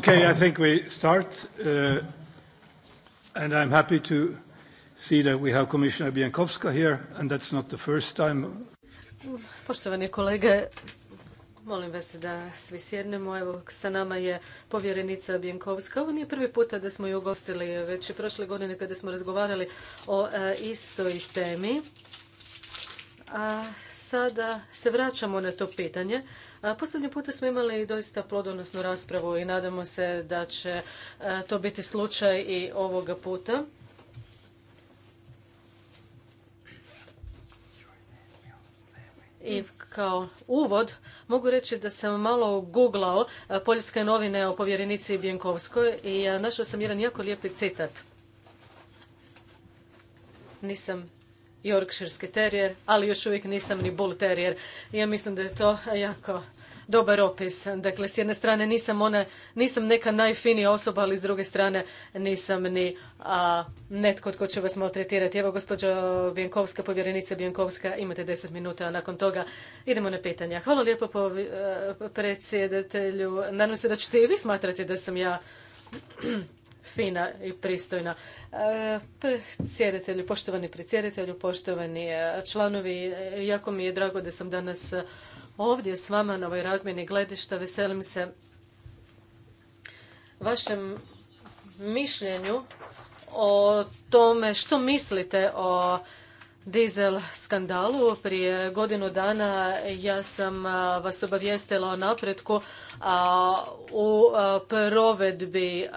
Okay, I think we start, uh, I'm happy to see that we have Commissioner here, and that's not the first time. Poštovani kolege, molim vas da svi sjednemo. Evo, sa nama je povjerenica Bjenkovska. Ovo nije prvi puta da smo ju ugostili, već i prošle godine kada smo razgovarali o e, istoj temi. A sada se vraćamo na to pitanje. Posljednji puta smo imali doista plodonosnu raspravu i nadamo se da će e, to biti slučaj i ovoga puta. I kao uvod mogu reći da sam malo googlao e, poljske novine o povjerenici Bjenkovskoj i e, našao sam jedan jako lijepi citat. Nisam Yorkshireski terijer, ali još uvijek nisam ni bull terijer. Ja mislim da je to jako dobar opis. Dakle, s jedne strane nisam ona, nisam neka najfinija osoba, ali s druge strane nisam ni netko tko će vas maltretirati. Evo, gospođo Bjenkovska, povjerenica Bjenkovska, imate deset minuta, a nakon toga idemo na pitanja. Hvala lijepo po, e, predsjedatelju. Nadam se da ćete i vi smatrati da sam ja fina i pristojna. E, predsjedatelju, poštovani predsjedatelju, poštovani e, članovi, e, jako mi je drago da sam danas ovdje s vama na ovoj razmjeni gledišta. Veselim se vašem mišljenju o tome što mislite o dizel skandalu. Prije godinu dana ja sam vas obavijestila o napretku u provedbi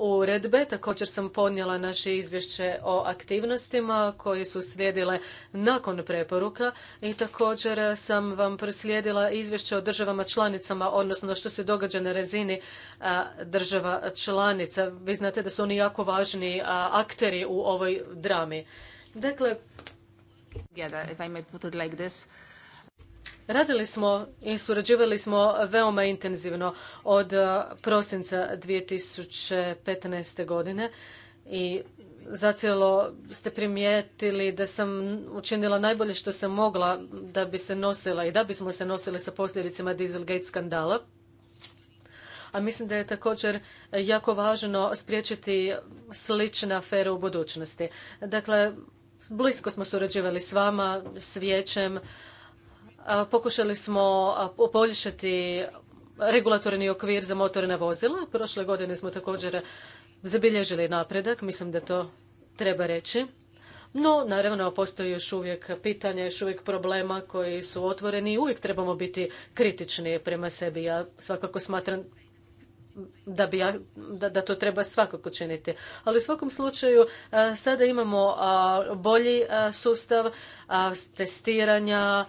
uredbe. Također sam podnijela naše izvješće o aktivnostima koje su slijedile nakon preporuka i također sam vam proslijedila izvješće o državama članicama, odnosno što se događa na razini država članica. Vi znate da su oni jako važni akteri u ovoj drami. Dakle, Radili smo i surađivali smo veoma intenzivno od eh, prosinca 2015. godine i zacijelo ste primijetili da sam učinila najbolje što sam mogla da bi se nosila i da bismo se nosili sa posljedicama Dieselgate skandala. A mislim da je također jako važno spriječiti slične afere u budućnosti. Dakle, blisko smo surađivali s vama, s vijećem, Pokušali smo poboljšati regulatorni okvir za motorna vozila. Prošle godine smo također zabilježili napredak, mislim da to treba reći. No, naravno, postoji još uvijek pitanja, još uvijek problema koji su otvoreni i uvijek trebamo biti kritični prema sebi. Ja svakako smatram da, bi ja, da, da to treba svakako činiti. Ali u svakom slučaju sada imamo bolji sustav testiranja,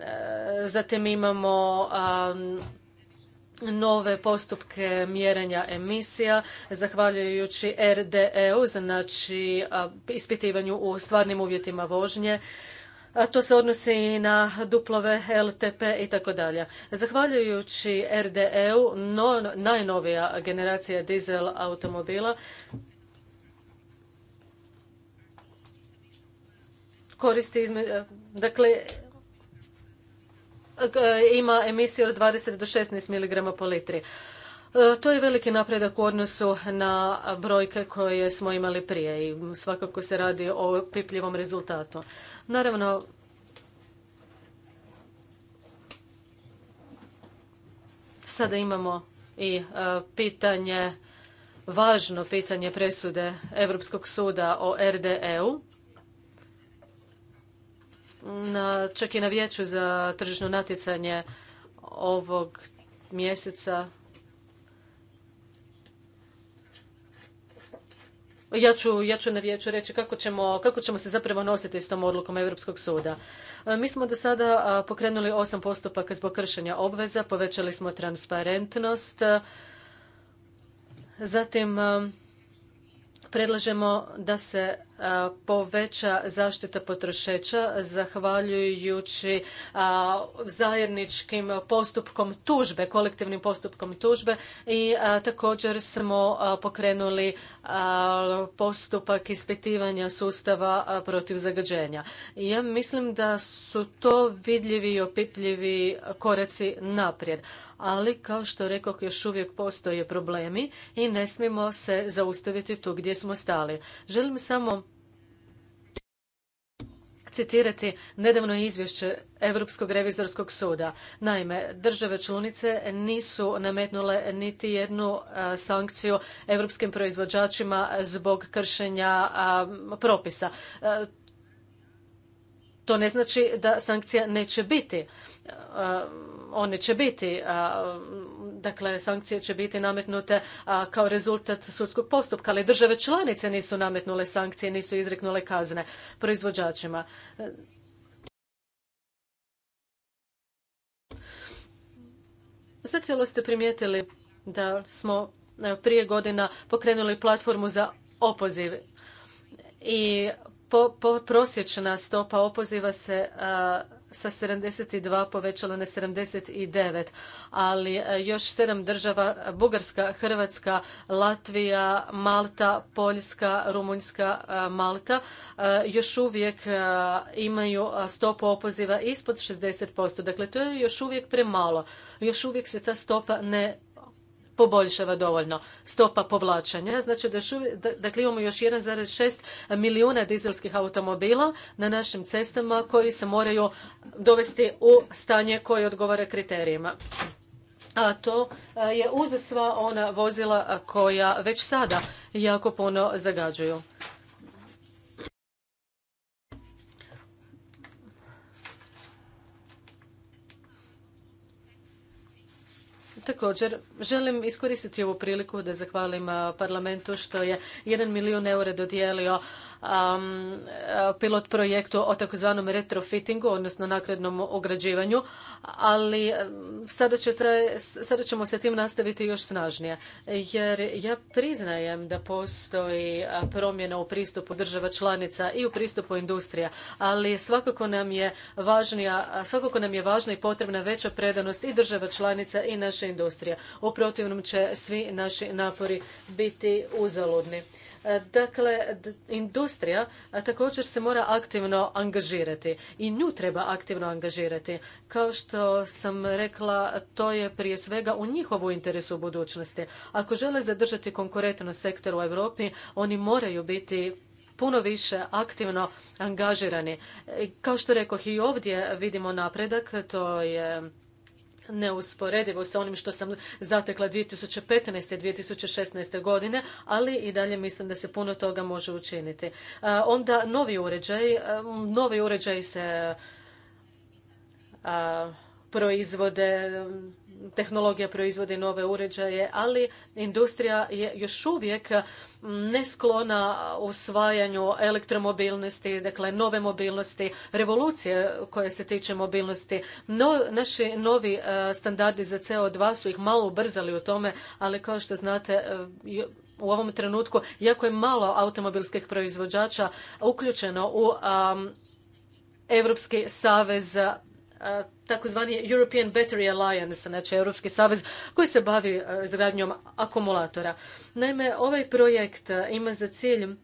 E, zatim imamo nove postupke mjerenja emisija zahvaljujući RDE-u, znači ispitivanju u stvarnim uvjetima vožnje. A to se odnosi i na duplove, LTP i tako dalje. Zahvaljujući RDE-u, najnovija generacija dizel automobila koristi, e, dakle, ima emisiju od 20 do 16 mg po litri. E, to je veliki napredak u odnosu na brojke koje smo imali prije i svakako se radi o pipljivom rezultatu. Naravno, sada imamo i e, pitanje, važno pitanje presude Europskog suda o RDE-u čak i na vijeću za tržišno natjecanje ovog mjeseca. Ja ću, ja na vijeću reći kako ćemo, kako ćemo se zapravo nositi s tom odlukom Europskog suda. E, mi smo do sada pokrenuli osam postupaka zbog kršenja obveza, povećali smo transparentnost, e, zatim e, predlažemo da se poveća zaštita potrošača zahvaljujući zajedničkim postupkom tužbe, kolektivnim postupkom tužbe i također smo pokrenuli postupak ispitivanja sustava protiv zagađenja. Ja mislim da su to vidljivi i opipljivi koraci naprijed ali kao što rekoh još uvijek postoje problemi i ne smijemo se zaustaviti tu gdje smo stali. Želim samo citirati nedavno izvješće Europskog revizorskog suda. Naime, države članice nisu nametnule niti jednu sankciju europskim proizvođačima zbog kršenja propisa. To ne znači da sankcija neće biti one će biti, dakle sankcije će biti nametnute kao rezultat sudskog postupka, ali države članice nisu nametnule sankcije, nisu izreknule kazne proizvođačima. Zacijelo ste primijetili da smo prije godina pokrenuli platformu za opoziv i prosječna stopa opoziva se sa 72 povećala na 79, ali e, još sedam država, Bugarska, Hrvatska, Latvija, Malta, Poljska, Rumunjska, e, Malta, e, još uvijek imaju stopu opoziva ispod 60%. Dakle, to je još uvijek premalo. Još uvijek se ta stopa ne poboljšava dovoljno stopa povlačenja. Znači da šu, dakle imamo još 1,6 milijuna dizelskih automobila na našim cestama koji se moraju dovesti u stanje koje odgovara kriterijima. A to je uz sva ona vozila koja već sada jako puno zagađuju. Također, želim iskoristiti ovu priliku da zahvalim parlamentu što je 1 milijun eura dodijelio um, eh, pilot projektu o takozvanom retrofittingu, odnosno nakrednom ograđivanju, ali eh, sada, ćemo se tim nastaviti još snažnije. Jer ja priznajem da postoji eh, promjena u pristupu država članica i u pristupu industrija, ali svakako nam je važnija, svakako nam je važna i potrebna veća predanost i država članica i naša industrija. U protivnom će svi naši napori biti uzaludni. Dakle, industrija također se mora aktivno angažirati i nju treba aktivno angažirati. Kao što sam rekla, to je prije svega u njihovu interesu u budućnosti. Ako žele zadržati konkurentan sektor u Europi, oni moraju biti puno više aktivno angažirani. E, kao što rekoh i ovdje vidimo napredak, to je neusporedivo sa onim što sam zatekla 2015. i 2016. godine, ali i dalje mislim da se puno toga može učiniti. Onda novi uređaj, novi uređaj se proizvode tehnologija proizvodi nove uređaje, ali industrija je još uvijek nesklona usvajanju elektromobilnosti, dakle nove mobilnosti, revolucije koje se tiče mobilnosti. No, naši novi e, standardi za CO2 su ih malo ubrzali u tome, ali kao što znate e, u ovom trenutku jako je malo automobilskih proizvođača uključeno u Europski savez takozvani European Battery Alliance, znači Europski savez koji se bavi izgradnjom akumulatora. Naime, ovaj projekt ima za cilj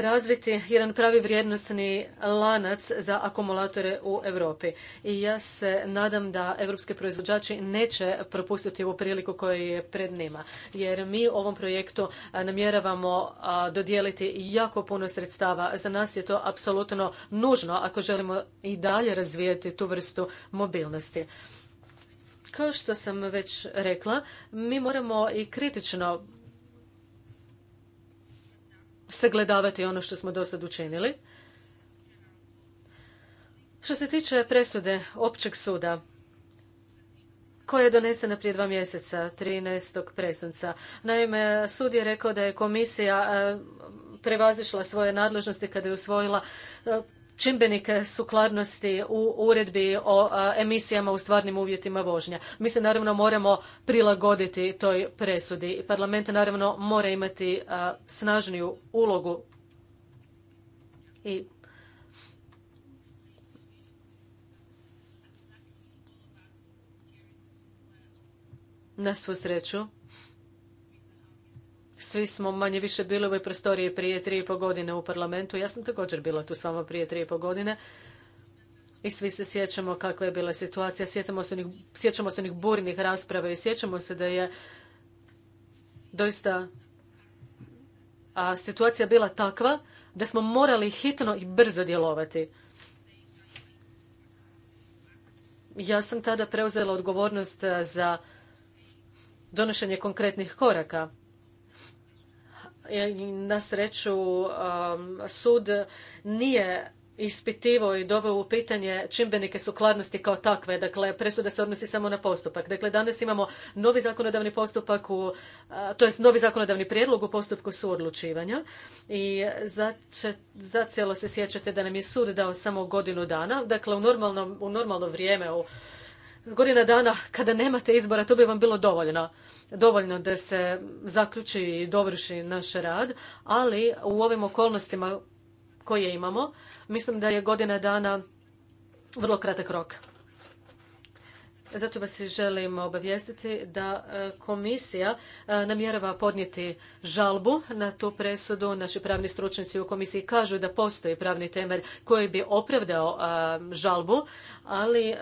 razviti jedan pravi vrijednosni lanac za akumulatore u Europi. I ja se nadam da europski proizvođači neće propustiti ovu priliku koja je pred njima. Jer mi ovom projektu namjeravamo dodijeliti jako puno sredstava. Za nas je to apsolutno nužno ako želimo i dalje razvijati tu vrstu mobilnosti. Kao što sam već rekla, mi moramo i kritično sagledavati ono što smo do sad učinili. Što se tiče presude općeg suda, koja je donesena prije dva mjeseca, 13. presunca. Naime, sud je rekao da je komisija eh, prevazišla svoje nadležnosti kada je usvojila eh, čimbenike sukladnosti u uredbi o emisijama u stvarnim uvjetima vožnja. Mi se naravno moramo prilagoditi toj presudi. Parlament naravno mora imati snažniju ulogu i na svu sreću svi smo manje više bili u ovoj prostoriji prije tri i po godine u parlamentu. Ja sam također bila tu s vama prije tri i po godine. I svi se sjećamo kakva je bila situacija. Sjećamo se onih, sjećamo se onih burnih rasprava i sjećamo se da je doista a situacija bila takva da smo morali hitno i brzo djelovati. Ja sam tada preuzela odgovornost za donošenje konkretnih koraka na sreću um, sud nije ispitivao i doveo u pitanje čimbenike sukladnosti kao takve. Dakle, presuda se odnosi samo na postupak. Dakle, danas imamo novi zakonodavni postupak, u, uh, to novi zakonodavni prijedlog u postupku suodlučivanja i zacijelo se sjećate da nam je sud dao samo godinu dana. Dakle, u normalno, u normalno vrijeme, u godina dana kada nemate izbora, to bi vam bilo dovoljno. Dovoljno da se zaključi i dovrši naš rad, ali u ovim okolnostima koje imamo, mislim da je godina dana vrlo kratak rok. Zato vas želim obavijestiti da e, komisija e, namjerava podnijeti žalbu na tu presudu. Naši pravni stručnjaci u komisiji kažu da postoji pravni temelj koji bi opravdao e, žalbu, ali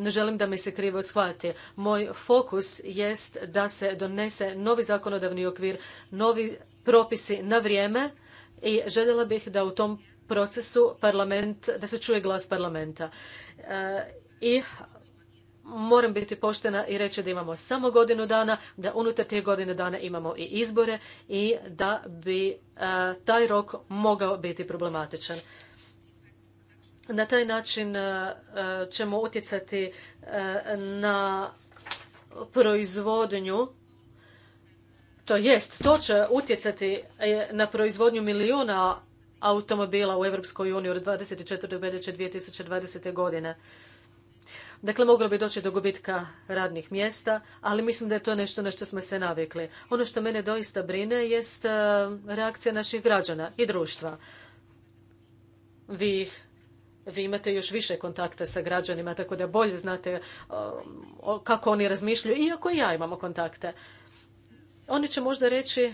ne želim da mi se krivo shvati. Moj fokus jest da se donese novi zakonodavni okvir, novi propisi na vrijeme i željela bih da u tom procesu parlament, da se čuje glas parlamenta. I moram biti poštena i reći da imamo samo godinu dana, da unutar tih godine dana imamo i izbore i da bi e, taj rok mogao biti problematičan. Na taj način e, ćemo utjecati e, na proizvodnju to jest, to će utjecati na proizvodnju milijuna automobila u Europskoj uniji od 24. veljače 2020. godine. Dakle, moglo bi doći do gubitka radnih mjesta, ali mislim da je to nešto na što smo se navikli. Ono što mene doista brine jest e, reakcija naših građana i društva. Vi, vi imate još više kontakta sa građanima, tako da bolje znate e, kako oni razmišljaju, iako i ja imamo kontakte. Oni će možda reći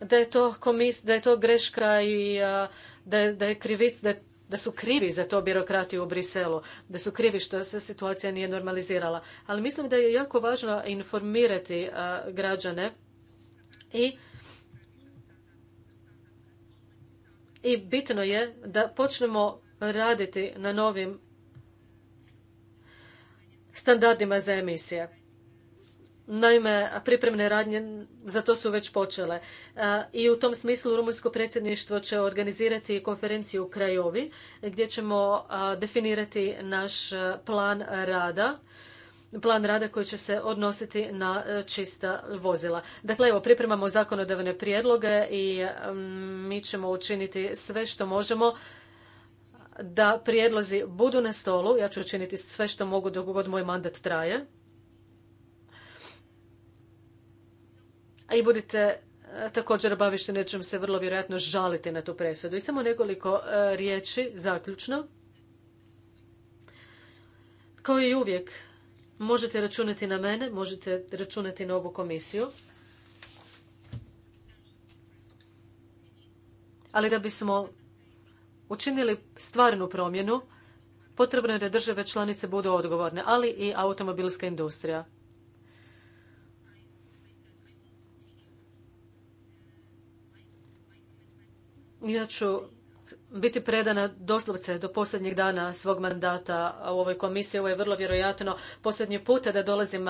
da je to, komis, da je to greška i e, da je, da je krivic, da da su krivi za to birokrati u Briselu, da su krivi što se situacija nije normalizirala. Ali mislim da je jako važno informirati građane i i bitno je da počnemo raditi na novim standardima za emisije. Naime, pripremne radnje za to su već počele. E, I u tom smislu rumunjsko predsjedništvo će organizirati konferenciju u Krajovi gdje ćemo e, definirati naš e, plan rada plan rada koji će se odnositi na čista vozila. Dakle, evo, pripremamo zakonodavne prijedloge i mi ćemo učiniti sve što možemo da prijedlozi budu na stolu. Ja ću učiniti sve što mogu dok god moj mandat traje i budite e, također obavište nečem se vrlo vjerojatno žaliti na tu presudu. I samo nekoliko e, riječi zaključno. Kao i uvijek, možete računati na mene, možete računati na ovu komisiju. Ali da bismo učinili stvarnu promjenu, potrebno je da države članice budu odgovorne, ali i automobilska industrija. Ja ću biti predana doslovce do posljednjeg dana svog mandata u ovoj komisiji. Ovo je vrlo vjerojatno posljednji puta da dolazim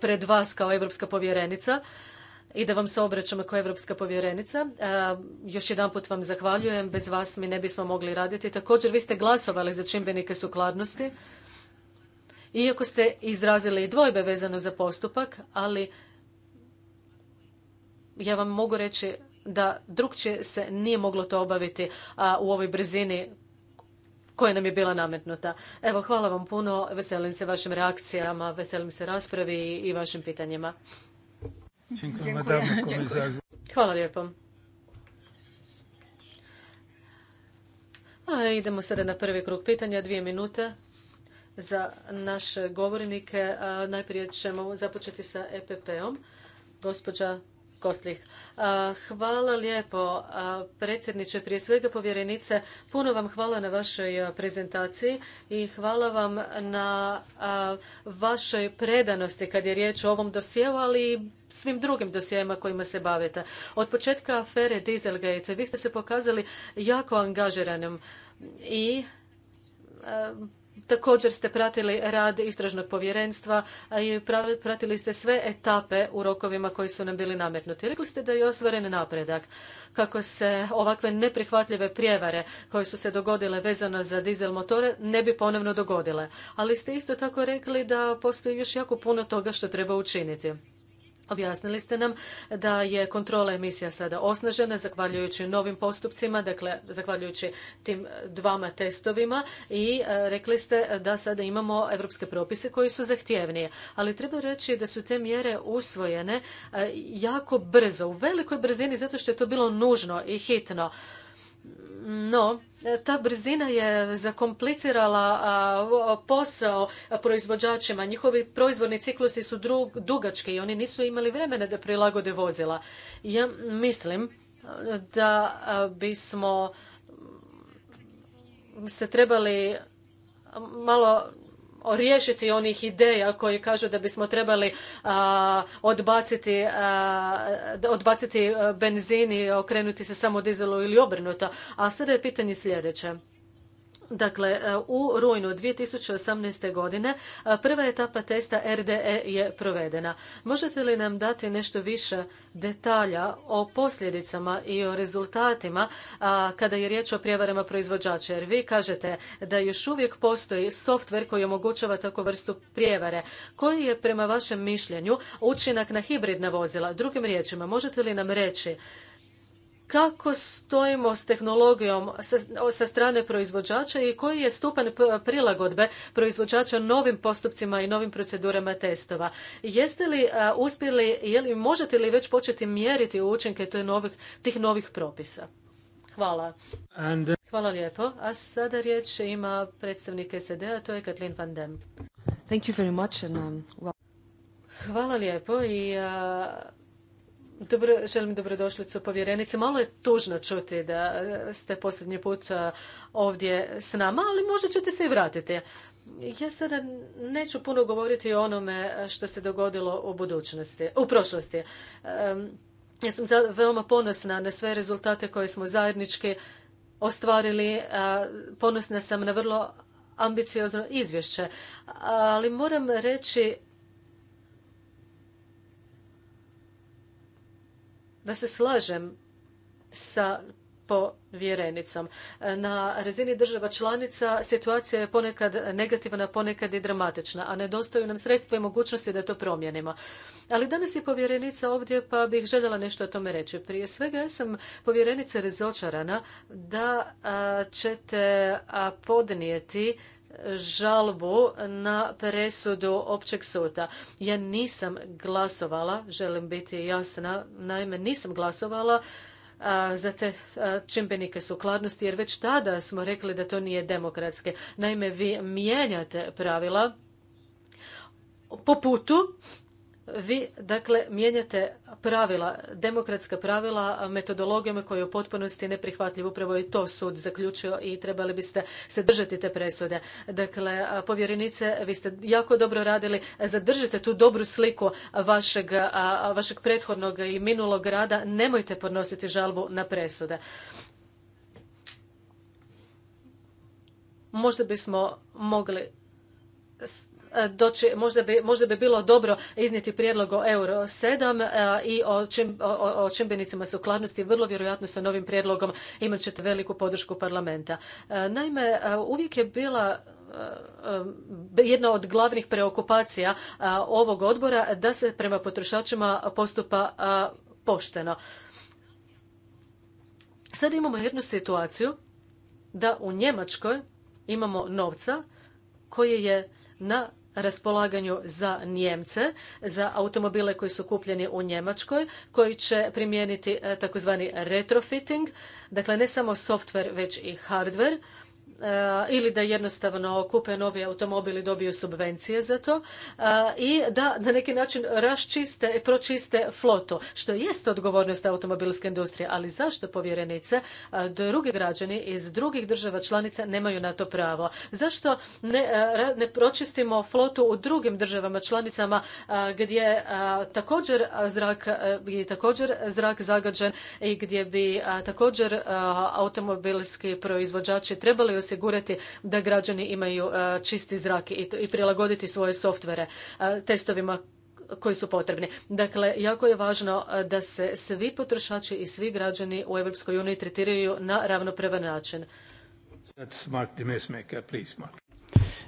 pred vas kao europska povjerenica i da vam se obraćam kao europska povjerenica. Još jedanput vam zahvaljujem. Bez vas mi ne bismo mogli raditi. Također, vi ste glasovali za čimbenike sukladnosti. Iako ste izrazili dvojbe vezano za postupak, ali ja vam mogu reći da drugčije se nije moglo to obaviti a, u ovoj brzini koja nam je bila nametnuta. Evo, hvala vam puno, veselim se vašim reakcijama, veselim se raspravi i vašim pitanjima. Hvala lijepo. A, idemo sada na prvi krug pitanja, dvije minute za naše govornike. najprije ćemo započeti sa EPP-om. Gospođa Koslih. Hvala lijepo, predsjedniče, prije svega povjerenice. Puno vam hvala na vašoj prezentaciji i hvala vam na vašoj predanosti kad je riječ o ovom dosjeu, ali i svim drugim dosijevima kojima se bavite. Od početka afere Dieselgate vi ste se pokazali jako angažiranim i Također ste pratili rad istražnog povjerenstva i pratili ste sve etape u rokovima koji su nam bili nametnuti. Rekli ste da je ostvaren napredak kako se ovakve neprihvatljive prijevare koje su se dogodile vezano za dizel motore ne bi ponovno dogodile. Ali ste isto tako rekli da postoji još jako puno toga što treba učiniti. Objasnili ste nam da je kontrola emisija sada osnažena zahvaljujući novim postupcima, dakle zahvaljujući tim dvama testovima i e, rekli ste da sada imamo europske propise koji su zahtjevnije, Ali treba reći da su te mjere usvojene e, jako brzo, u velikoj brzini zato što je to bilo nužno i hitno no, ta brzina je zakomplicirala posao proizvođačima. Njihovi proizvodni ciklusi su dugački i oni nisu imali vremena da prilagode vozila. Ja mislim da bismo se trebali malo riješiti onih ideja koje kažu da bismo trebali odbaciti, odbaciti benzin i okrenuti se samo dizelu ili obrnuto. A sada je pitanje sljedeće. Dakle, e, u rujnu 2018. godine e, prva etapa testa RDE je provedena. Možete li nam dati nešto više detalja o posljedicama i o rezultatima kada je riječ o prijevarama proizvođača? Jer vi kažete da još uvijek postoji softver koji omogućava takvu vrstu prijevare. Koji je prema vašem mišljenju učinak na hibridna vozila? Drugim riječima, možete li nam reći kako stojimo s tehnologijom sa, strane proizvođača i koji je stupan prilagodbe proizvođača novim postupcima i novim procedurama testova. Jeste li uspjeli, je li, možete li već početi mjeriti učinke tih novih, novih propisa? Hvala. Uh, Hvala lijepo. A sada riječ ima predstavnik SED-a, to je Katlin van um, Hvala lijepo i dobro, želim dobrodošlicu povjerenice. Malo je tužno čuti da e, ste posljednji put e, ovdje s nama, ali možda ćete se i vratiti. Ja sada neću puno govoriti o onome što se dogodilo u budućnosti, u prošlosti. Ja sam veoma ponosna na sve rezultate koje smo zajednički ostvarili. Ponosna sam na vrlo ambiciozno izvješće, ali moram reći da se slažem sa povjerenicom. Na razini država članica situacija je ponekad negativna, ponekad i dramatična, a nedostaju nam sredstva i mogućnosti da to promijenimo. Ali danas je povjerenica ovdje pa bih željela nešto o tome reći. Prije svega ja sam povjerenica razočarana da ćete podnijeti žalbu na presudu općeg suda. Ja nisam glasovala, želim biti jasna, naime nisam glasovala za te čimbenike sukladnosti jer već tada smo rekli da to nije demokratske. Naime, vi mijenjate pravila po putu vi dakle mijenjate pravila, demokratska pravila metodologijama koja je u potpunosti neprihvatljivo. Upravo je to sud zaključio i trebali biste se držati te presude. Dakle, povjerenice, vi ste jako dobro radili. Zadržite tu dobru sliku vašeg, vašeg prethodnog i minulog rada. Nemojte podnositi žalbu na presude. Možda bismo mogli E, doći, možda, bi, možda bi bilo dobro iznijeti prijedlog o Euro 7 e, i o, o čimbenicima sukladnosti. Vrlo vjerojatno sa novim prijedlogom imat ćete veliku podršku parlamenta. E, naime, uvijek je bila jedna od glavnih preokupacija ovog odbora da se prema potrošačima postupa pošteno. Sada imamo jednu situaciju da u Njemačkoj imamo novca koji je na raspolaganju za Njemce, za automobile koji su kupljeni u Njemačkoj, koji će primijeniti eh, takozvani retrofitting, dakle ne samo software već i hardware, E, ili da jednostavno kupe novi automobil i dobiju subvencije za to e, i da na neki način raščiste i pročiste flotu, što jest odgovornost automobilske industrije, ali zašto povjerenice e, drugi građani iz drugih država članica nemaju na to pravo? Zašto ne, pročistimo flotu u drugim državama članicama gdje također zrak, je također zrak zagađen i gdje bi također automobilski proizvođači trebali osigurati da građani imaju e, čisti zrak i prilagoditi svoje softvere e, testovima koji su potrebni. Dakle, jako je važno e, da se svi potrošači i svi građani u EU tretiraju na ravnopravan način.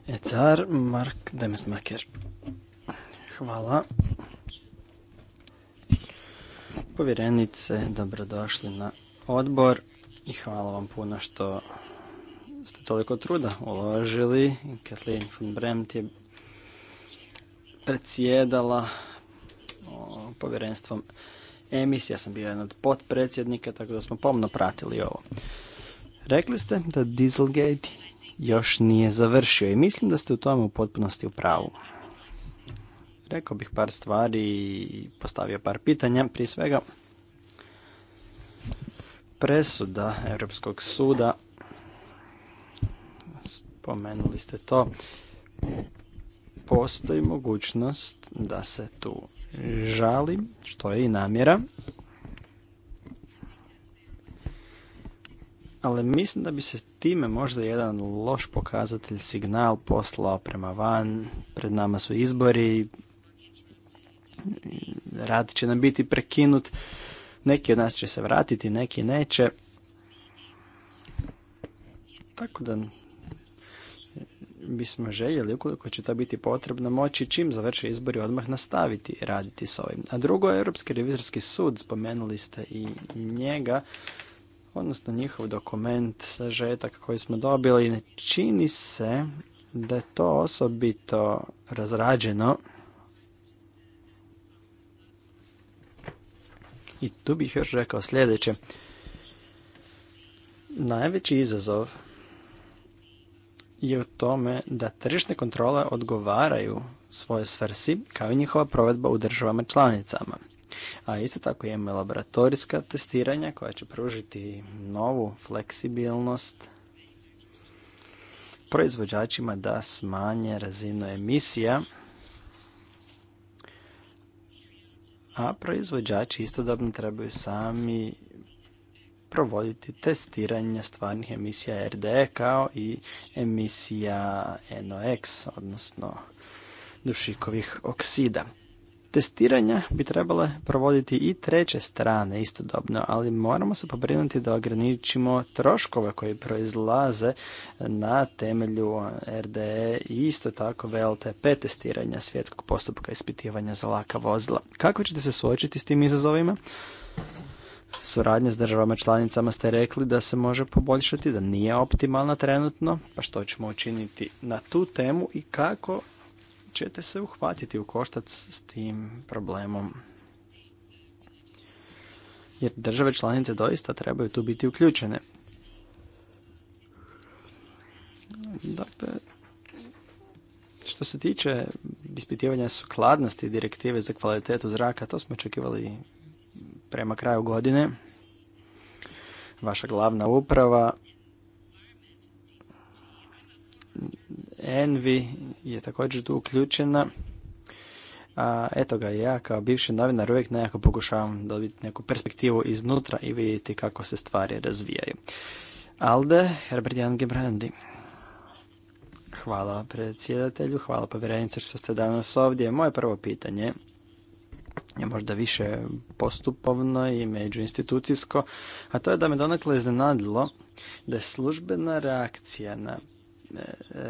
Ecar Mark Demesmaker. Hvala. Povjerenice, dobrodošli na odbor i hvala vam puno što ste toliko truda uložili. Kathleen von Bremt je predsjedala povjerenstvom emisije. Ja sam bio jedan od potpredsjednika, tako da smo pomno pratili ovo. Rekli ste da Dieselgate još nije završio i mislim da ste u tom u potpunosti u pravu. Rekao bih par stvari i postavio par pitanja. Prije svega, presuda Europskog suda pomenuli ste to, postoji mogućnost da se tu žali, što je i namjera. Ali mislim da bi se time možda jedan loš pokazatelj, signal poslao prema van, pred nama su izbori, rad će nam biti prekinut, neki od nas će se vratiti, neki neće. Tako da bismo željeli, ukoliko će to biti potrebno, moći čim završi izbori odmah nastaviti raditi s ovim. A drugo, Europski revizorski sud, spomenuli ste i njega, odnosno njihov dokument, sažetak koji smo dobili, ne čini se da je to osobito razrađeno. I tu bih još rekao sljedeće. Najveći izazov je u tome da tržišne kontrole odgovaraju svoje svrsi kao i njihova provedba u državama članicama. A isto tako imamo laboratorijska testiranja koja će pružiti novu fleksibilnost proizvođačima da smanje razinu emisija, a proizvođači istodobno trebaju sami provoditi testiranje stvarnih emisija RDE kao i emisija NOx, odnosno dušikovih oksida. Testiranja bi trebalo provoditi i treće strane istodobno, ali moramo se pobrinuti da ograničimo troškove koji proizlaze na temelju RDE i isto tako VLTP testiranja svjetskog postupka ispitivanja za laka vozila. Kako ćete se suočiti s tim izazovima? suradnje s državama članicama ste rekli da se može poboljšati, da nije optimalna trenutno, pa što ćemo učiniti na tu temu i kako ćete se uhvatiti u koštac s tim problemom. Jer države članice doista trebaju tu biti uključene. Dakle, što se tiče ispitivanja sukladnosti direktive za kvalitetu zraka, to smo očekivali prema kraju godine vaša glavna uprava Envi je također tu uključena. A, eto ga, ja kao bivši novinar uvijek nekako pokušavam dobiti neku perspektivu iznutra i vidjeti kako se stvari razvijaju. Alde, Herbert Jan Gebrandi. Hvala predsjedatelju, hvala povjerenice što ste danas ovdje. Moje prvo pitanje je možda više postupovno i međuinstitucijsko, a to je da me donekle iznenadilo da je službena reakcija na e,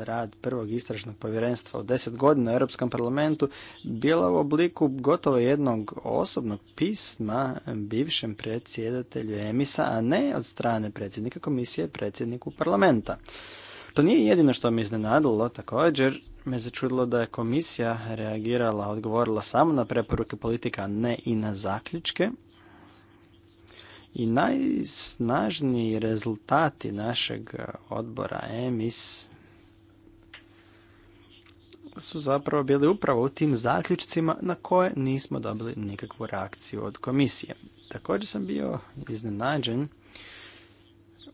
rad prvog istražnog povjerenstva u deset godina u Europskom parlamentu bila u obliku gotovo jednog osobnog pisma bivšem predsjedatelju Emisa, a ne od strane predsjednika komisije predsjedniku parlamenta. To nije jedino što me iznenadilo također, me začudilo da je komisija reagirala, odgovorila samo na preporuke politika, a ne i na zaključke. I najsnažniji rezultati našeg e, odbora EMIS su zapravo bili upravo u tim zaključcima na koje nismo dobili nikakvu reakciju od komisije. Također sam bio iznenađen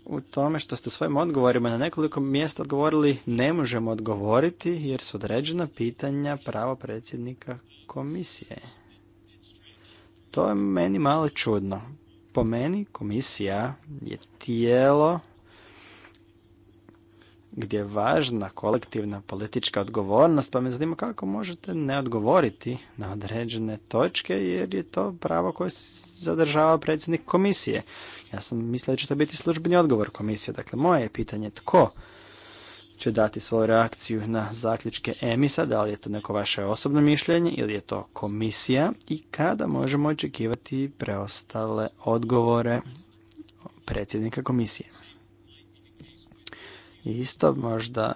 u tome što ste svojim odgovorima na nekoliko mjesta odgovorili ne možemo odgovoriti jer su određena pitanja pravo predsjednika komisije. To je meni malo čudno. Po meni komisija je tijelo gdje je važna kolektivna politička odgovornost, pa me zanima kako možete ne odgovoriti na određene točke, jer je to pravo koje zadržava predsjednik komisije. Ja sam mislio da će to biti službeni odgovor komisije. Dakle, moje je pitanje tko će dati svoju reakciju na zaključke EMISA, da li je to neko vaše osobno mišljenje ili je to komisija i kada možemo očekivati preostale odgovore predsjednika komisije. Isto možda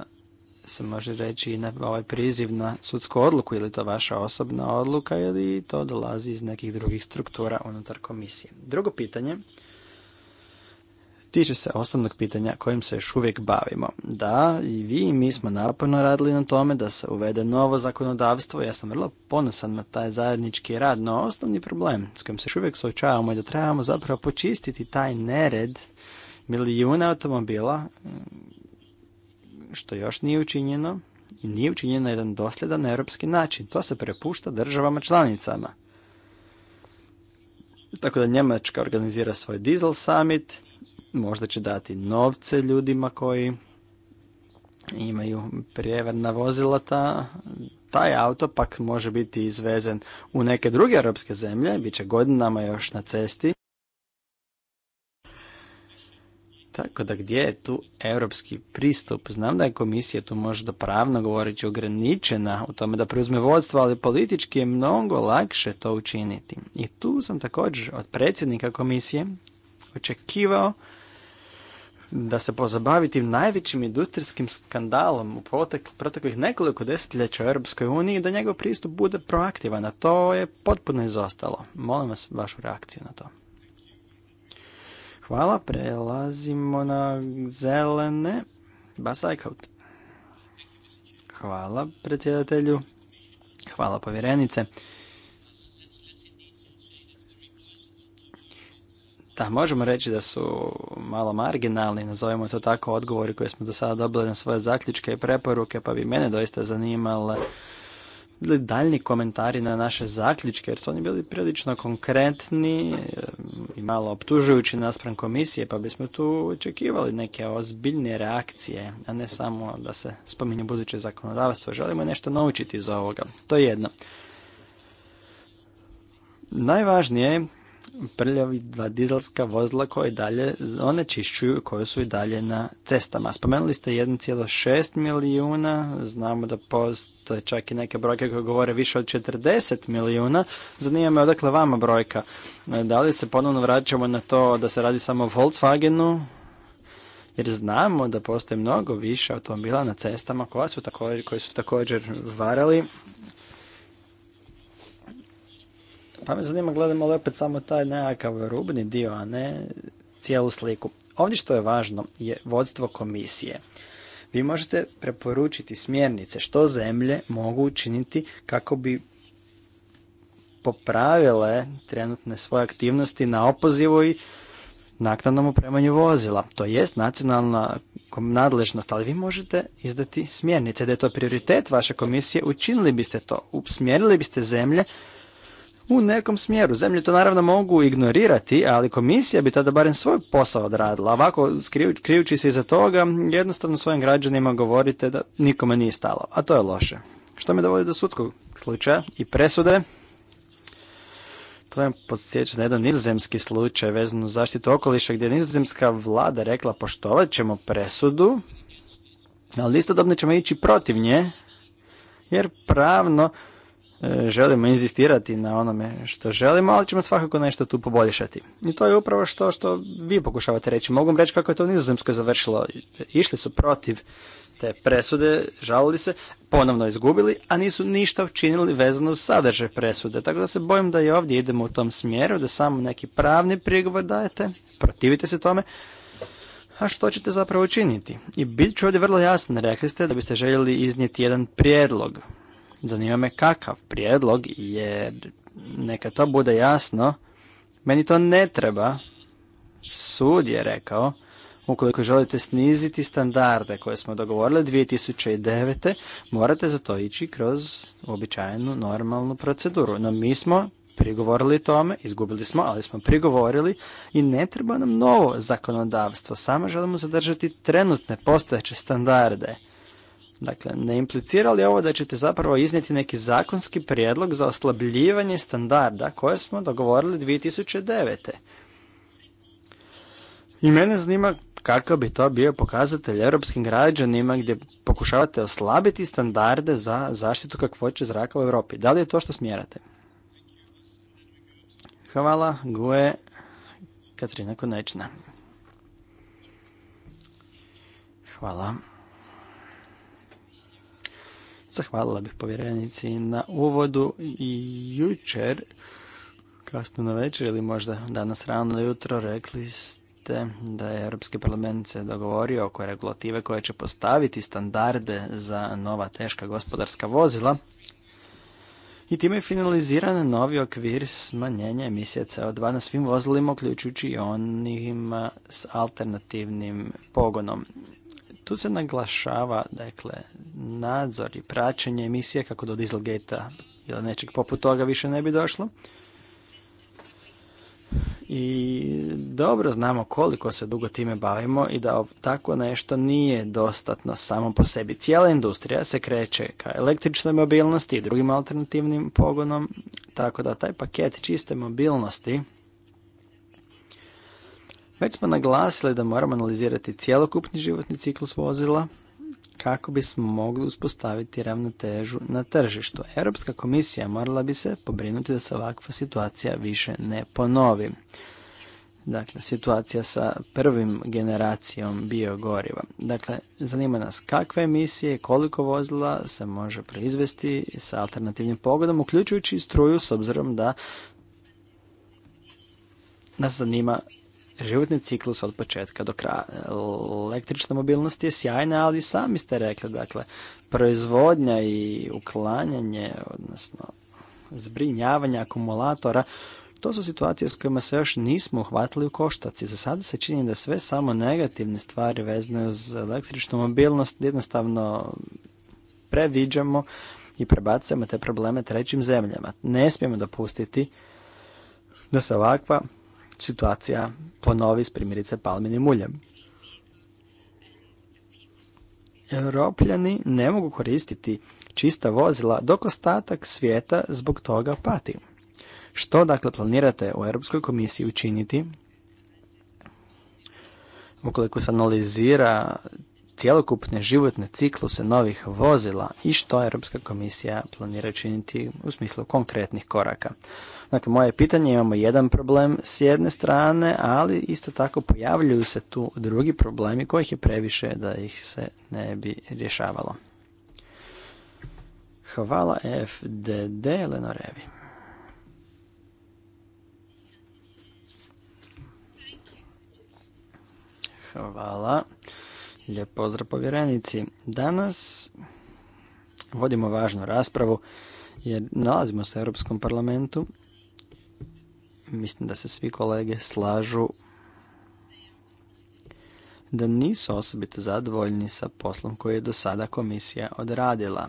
se može reći i na ovaj priziv na sudsku odluku, ili to vaša osobna odluka ili to dolazi iz nekih drugih struktura unutar komisije. Drugo pitanje tiče se osnovnog pitanja kojim se još uvijek bavimo. Da, i vi i mi smo naporno radili na tome da se uvede novo zakonodavstvo. Ja sam vrlo ponosan na taj zajednički rad, no osnovni problem s kojim se još uvijek suočavamo je da trebamo zapravo počistiti taj nered milijuna automobila, što još nije učinjeno, i nije učinjeno na jedan dosljedan europski način. To se prepušta državama članicama. Tako da Njemačka organizira svoj Diesel Summit, možda će dati novce ljudima koji imaju prijevarna vozila, ta, taj auto pak može biti izvezen u neke druge europske zemlje, bit će godinama još na cesti. Tako da gdje je tu europski pristup? Znam da je komisija tu možda pravno govoreći ograničena u tome da preuzme vodstvo, ali politički je mnogo lakše to učiniti. I tu sam također od predsjednika komisije očekivao da se tim najvećim industrijskim skandalom u proteklih nekoliko desetljeća u Europskoj uniji i da njegov pristup bude proaktivan, a to je potpuno izostalo. Molim vas vašu reakciju na to. Hvala, prelazimo na zelene. Bas Hvala predsjedatelju. Hvala povjerenice. da možemo reći da su malo marginalni, nazovimo to tako, odgovori koje smo do sada dobili na svoje zaključke i preporuke, pa bi mene doista zanimali bili daljni komentari na naše zaključke, jer su oni bili prilično konkretni e, i malo optužujući naspram komisije, pa bismo tu očekivali neke ozbiljne reakcije, a ne samo da se spominje buduće zakonodavstvo. Želimo nešto naučiti iz ovoga. To je jedno. Najvažnije dva dizelska vozila koje dalje onečišćuju, koje su i dalje na cestama. Spomenuli ste 1,6 milijuna, znamo da postoje čak i neke brojke koje govore više od 40 milijuna. Zanima me odakle vama brojka. Da li se ponovno vraćamo na to da se radi samo o Volkswagenu, jer znamo da postoje mnogo više automobila na cestama koja su koji su također varali Pa me zanima gledamo li opet samo taj nekakav rubni dio, a ne cijelu sliku. Ovdje što je važno je vodstvo komisije. Vi možete preporučiti smjernice što zemlje mogu učiniti kako bi popravile trenutne svoje aktivnosti na opozivu i naknadnom opremanju vozila. To jest nacionalna nadležnost, ali vi možete izdati smjernice. Da je to prioritet vaše komisije, učinili biste to, usmjerili biste zemlje u nekom smjeru. Zemlje to naravno mogu ignorirati, ali komisija bi tada barem svoj posao odradila. Ovako, krijući se iza toga, jednostavno svojim građanima govorite da nikome nije stalo, a to je loše. Što me dovodi do sudskog slučaja i presude, me podsjeća na jedan nizozemski slučaj vezan u zaštitu okoliša gdje je nizozemska vlada rekla poštovat ćemo presudu, ali istodobno ćemo ići protiv nje, jer pravno E, želimo inzistirati na onome što želimo, ali ćemo svakako nešto tu poboljšati. I to je upravo što, što vi pokušavate reći. Mogu reći kako je to u Nizozemskoj završilo. Išli su protiv te presude, žalili se, ponovno izgubili, a nisu ništa učinili vezano uz sadržaj presude. Tako da se bojim da i ovdje idemo u tom smjeru, da samo neki pravni prigovor dajete, protivite se tome, a što ćete zapravo učiniti? I bit ću ovdje vrlo jasno, rekli ste da biste željeli iznijeti jedan prijedlog Zanima me kakav prijedlog, jer neka to bude jasno, meni to ne treba. Sud je rekao, ukoliko želite sniziti standarde koje smo dogovorili 2009. morate za to ići kroz običajnu normalnu proceduru. No mi smo prigovorili tome, izgubili smo, ali smo prigovorili i ne treba nam novo zakonodavstvo. Samo želimo zadržati trenutne postojeće standarde. Dakle, ne implicira li ovo da ćete zapravo iznijeti neki zakonski prijedlog za oslabljivanje standarda koje smo dogovorili 2009. I mene zanima kakav bi to bio pokazatelj europskim građanima gdje pokušavate oslabiti standarde za zaštitu kakvoće zraka u Europi. Da li je to što smjerate? Hvala, Gue, Katrina Konečna. Hvala. Zahvalila bih povjerenici na uvodu i jučer, kasno na večer ili možda danas rano jutro, rekli ste da je Europski parlament se dogovorio oko regulative koja će postaviti standarde za nova teška gospodarska vozila i time je finaliziran novi okvir smanjenja emisije CO2 na svim vozilima, uključujući i onima s alternativnim pogonom. Tu se naglašava dakle, nadzor i praćenje emisije kako do dieselgate ili nečeg poput toga više ne bi došlo. I dobro znamo koliko se dugo time bavimo i da tako nešto nije dostatno samo po sebi. Cijela industrija se kreće ka električnoj mobilnosti i drugim alternativnim pogonom, tako da taj paket čiste mobilnosti već smo naglasili da moramo analizirati cjelokupni životni ciklus vozila kako bismo mogli uspostaviti ravnotežu na tržištu. Europska komisija morala bi se pobrinuti da se ovakva situacija više ne ponovi. Dakle, situacija sa prvim generacijom biogoriva. Dakle, zanima nas kakve emisije koliko vozila se može proizvesti sa alternativnim pogodom, uključujući i struju s obzirom da nas zanima životni ciklus od početka do kraja. Električna mobilnost je sjajna, ali sami ste rekli, dakle, proizvodnja i uklanjanje, odnosno zbrinjavanje akumulatora, to su situacije s kojima se još nismo uhvatili u koštaci. za sada se čini da sve samo negativne stvari vezane uz električnu mobilnost jednostavno previđamo i prebacujemo te probleme trećim zemljama. Ne smijemo dopustiti da se ovakva situacija ponovi s primjerice palminim uljem. Europljani ne mogu koristiti čista vozila dok ostatak svijeta zbog toga pati. Što dakle planirate u Europskoj komisiji učiniti ukoliko se analizira cjelokupne životne cikluse novih vozila i što Europska komisija planira učiniti u smislu konkretnih koraka. Dakle, moje pitanje imamo jedan problem s jedne strane, ali isto tako pojavljuju se tu drugi problemi kojih je previše da ih se ne bi rješavalo. Hvala FDD Lenorevi. Hvala. Lijep pozdrav povjerenici. Danas vodimo važnu raspravu jer nalazimo se u Europskom parlamentu mislim da se svi kolege slažu da nisu osobito zadovoljni sa poslom koji je do sada komisija odradila.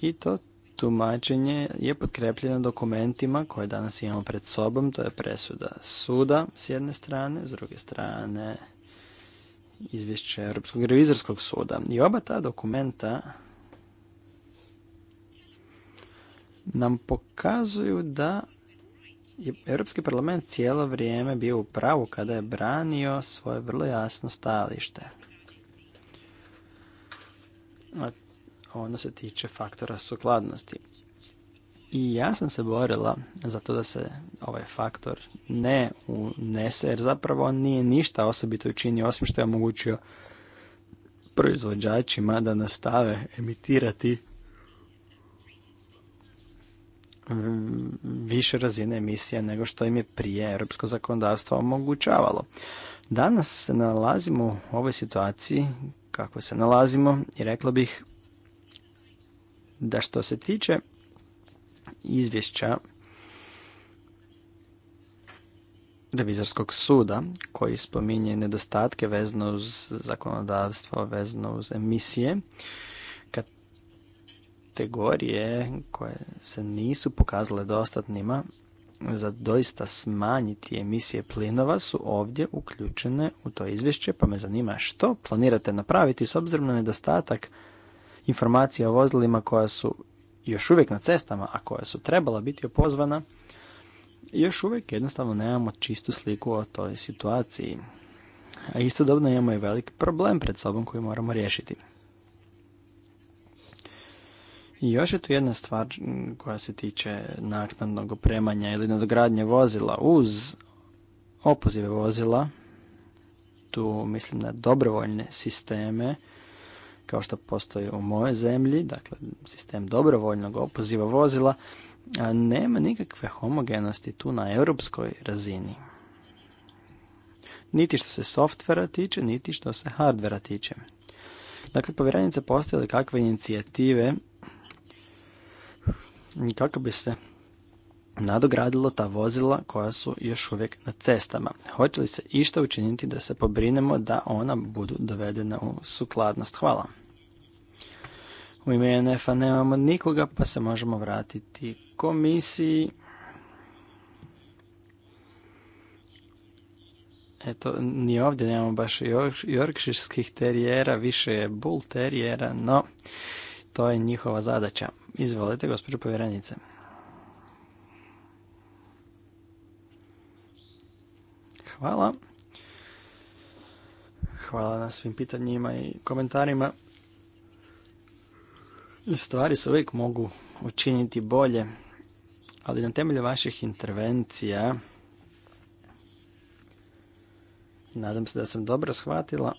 I to tumačenje je potkrepljeno dokumentima koje danas imamo pred sobom, to je presuda suda s jedne strane, s druge strane izvješće Europskog revizorskog suda. I oba ta dokumenta nam pokazuju da je Europski parlament cijelo vrijeme bio u pravu kada je branio svoje vrlo jasno stajalište. Ono se tiče faktora sukladnosti. I ja sam se borila za to da se ovaj faktor ne unese, jer zapravo on nije ništa osobito učinio, osim što je omogućio proizvođačima da nastave emitirati Mm, više razine emisija nego što im je prije europsko zakonodavstvo omogućavalo. Danas se nalazimo u ovoj situaciji kako se nalazimo i rekla bih da što se tiče izvješća revizorskog suda koji spominje nedostatke vezano uz zakonodavstvo, vezano uz emisije, kategorije koje se nisu pokazale dostatnima za doista smanjiti emisije plinova su ovdje uključene u to izvješće, pa me zanima što planirate napraviti s obzirom na nedostatak informacija o vozilima koja su još uvijek na cestama, a koja su trebala biti opozvana, još uvijek jednostavno nemamo čistu sliku o toj situaciji. A istodobno imamo i velik problem pred sobom koji moramo riješiti još je tu jedna stvar koja se tiče naknadnog opremanja ili nadogradnje vozila uz opozive vozila. Tu mislim na dobrovoljne sisteme kao što postoji u mojoj zemlji, dakle sistem dobrovoljnog opoziva vozila, a nema nikakve homogenosti tu na europskoj razini. Niti što se softvera tiče, niti što se hardvera tiče. Dakle, povjerenice postoje kakve inicijative kako bi se nadogradilo ta vozila koja su još uvijek na cestama. Hoće li se išta učiniti da se pobrinemo da ona budu dovedena u sukladnost? Hvala. U ime NF-a nemamo nikoga pa se možemo vratiti komisiji. Eto, ni ovdje nemamo baš jorkširskih terijera, više je bull terijera, no to je njihova zadaća. Izvolite, gospođo povjerenice. Hvala. Hvala na svim pitanjima i komentarima. Stvari se uvijek mogu učiniti bolje, ali na temelju vaših intervencija nadam se da sam dobro shvatila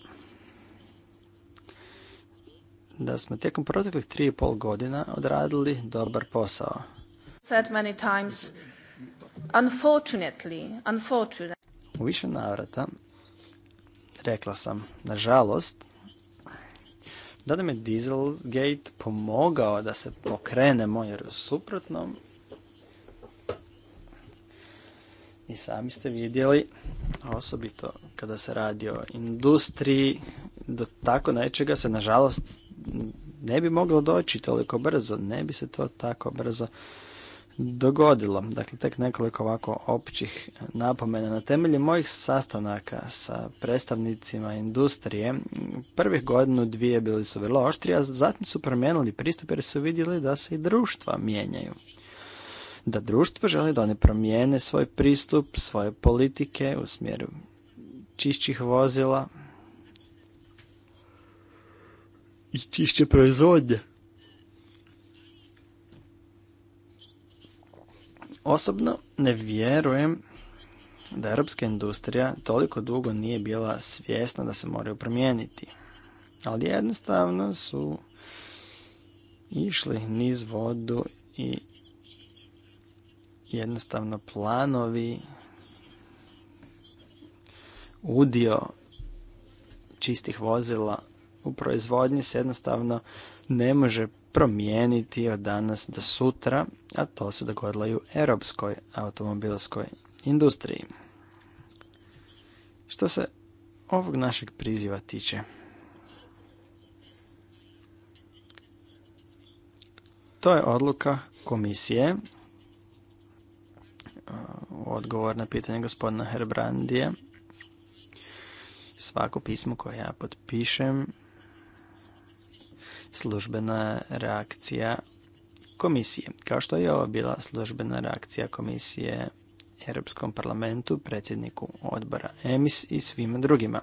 da smo tijekom proteklih tri i pol godina odradili dobar posao. U više navrata rekla sam, nažalost, da nam je Dieselgate pomogao da se pokrenemo, jer suprotno i sami ste vidjeli, osobito kada se radi o industriji, do tako nečega se nažalost ne bi moglo doći toliko brzo, ne bi se to tako brzo dogodilo. Dakle, tek nekoliko ovako općih napomena. Na temelju mojih sastanaka sa predstavnicima industrije, prvih godinu dvije bili su vrlo oštri, a zatim su promijenili pristup jer su vidjeli da se i društva mijenjaju. Da društvo želi da oni promijene svoj pristup, svoje politike u smjeru čišćih vozila, i čišće proizvodnje. Osobno ne vjerujem da europska industrija toliko dugo nije bila svjesna da se moraju promijeniti. Ali jednostavno su išli niz vodu i jednostavno planovi udio čistih vozila u proizvodnji se jednostavno ne može promijeniti od danas do sutra, a to se dogodilo i u europskoj automobilskoj industriji. Što se ovog našeg priziva tiče, to je odluka komisije odgovor na pitanje gospodina Herbrandije. Svako pismo koje ja potpišem službena reakcija komisije. Kao što je ovo bila službena reakcija komisije Europskom parlamentu, predsjedniku odbora EMIS i svima drugima.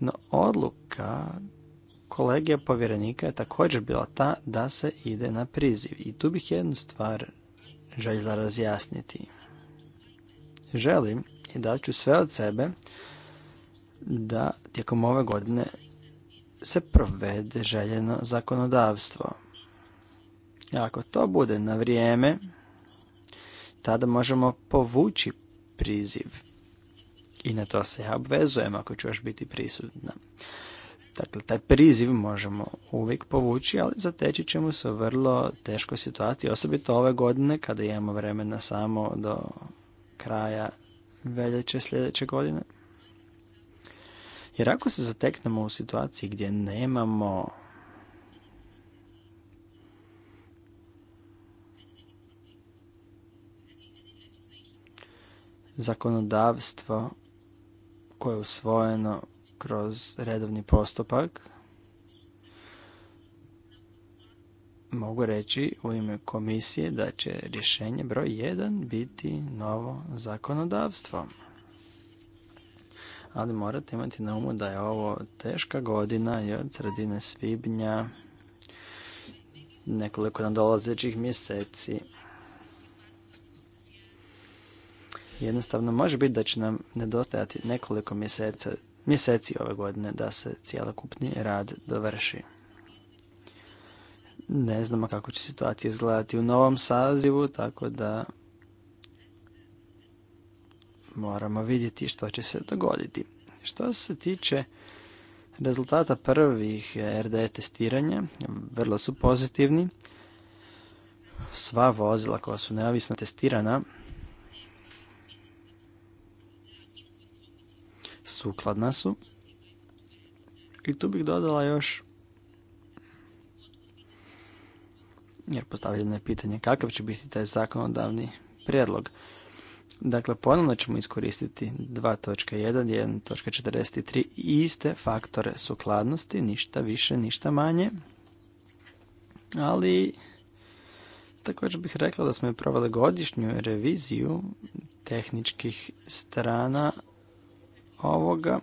No odluka kolegija povjerenika je također bila ta da se ide na priziv. I tu bih jednu stvar željela razjasniti. Želim i dat ću sve od sebe da tijekom ove godine se provede željeno zakonodavstvo. Ako to bude na vrijeme, tada možemo povući priziv. I na to se ja obvezujem ako ću još biti prisutna. Dakle, taj priziv možemo uvijek povući, ali zateći ćemo se u vrlo teškoj situaciji, osobito ove godine kada imamo vremena samo do kraja veljače sljedeće godine. Jer ako se zateknemo u situaciji gdje nemamo zakonodavstvo koje je usvojeno kroz redovni postupak, mogu reći u ime komisije da će rješenje broj 1 biti novo zakonodavstvo ali morate imati na umu da je ovo teška godina i od sredine svibnja nekoliko nadolazećih mjeseci. Jednostavno može biti da će nam nedostajati nekoliko mjeseca, mjeseci ove godine da se cijelokupni rad dovrši. Ne znamo kako će situacija izgledati u novom sazivu, tako da moramo vidjeti što će se dogoditi. Što se tiče rezultata prvih RDE testiranja, vrlo su pozitivni. Sva vozila koja su neovisno testirana sukladna su. I tu bih dodala još jer postavljeno je pitanje kakav će biti taj zakonodavni prijedlog. Dakle, ponovno ćemo iskoristiti 2.1, 1.43 iste faktore sukladnosti, ništa više, ništa manje. Ali također bih rekla da smo i proveli godišnju reviziju tehničkih strana ovoga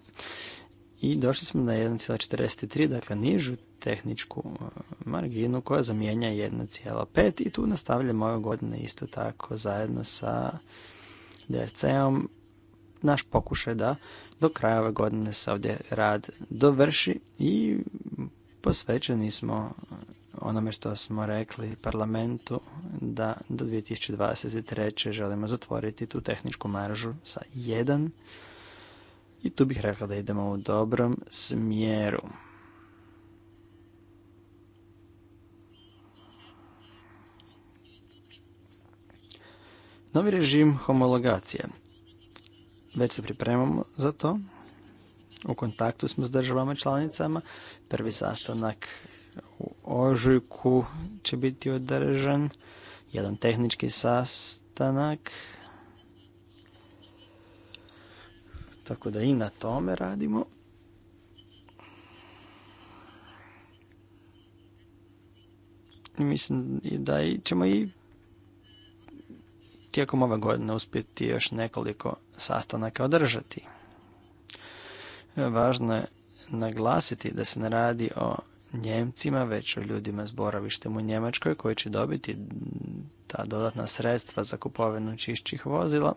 i došli smo na 1,43, dakle nižu tehničku e, marginu koja zamijenja 1,5 i tu nastavljamo ove godine isto tako zajedno sa drc naš pokušaj da do kraja ove godine se ovdje rad dovrši i posvećeni smo onome što smo rekli parlamentu da do 2023. želimo zatvoriti tu tehničku maržu sa 1 i tu bih rekla da idemo u dobrom smjeru. Novi režim homologacije. Već se pripremamo za to. U kontaktu smo s državama članicama. Prvi sastanak u ožujku će biti održan. Jedan tehnički sastanak. Tako da i na tome radimo. Mislim da ćemo i tijekom ove godine uspjeti još nekoliko sastanaka održati. Važno je naglasiti da se ne radi o Njemcima, već o ljudima s boravištem u Njemačkoj koji će dobiti ta dodatna sredstva za kupovinu čišćih vozila.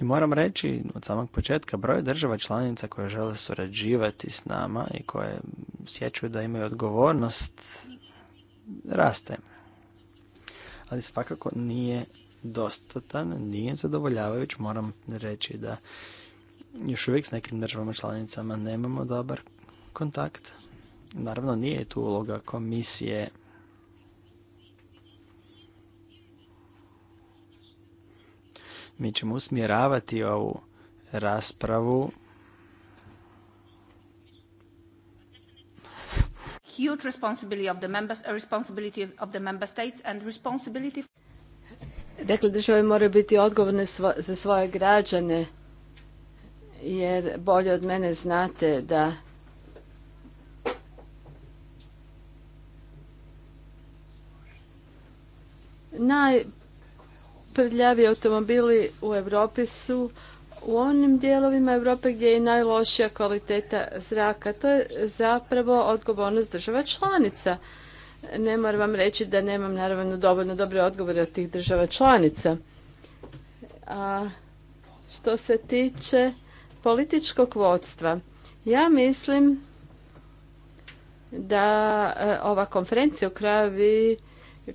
I moram reći od samog početka broj država članica koje žele surađivati s nama i koje sjećaju da imaju odgovornost raste ali svakako nije dostatan, nije zadovoljavajuć, moram reći da još uvijek s nekim državama članicama nemamo dobar kontakt. Naravno nije tu uloga komisije mi ćemo usmjeravati ovu raspravu huge responsibility of the members, a uh, responsibility of the member states and responsibility. Dakle, države moraju biti odgovorne svo, za svoje građane, jer bolje od mene znate da najprljavi automobili u Europi su u onim dijelovima Europe gdje je najlošija kvaliteta zraka. To je zapravo odgovornost država članica. Ne moram vam reći da nemam naravno dovoljno dobre odgovore od tih država članica. A što se tiče političkog vodstva, ja mislim da e, ova konferencija u kraju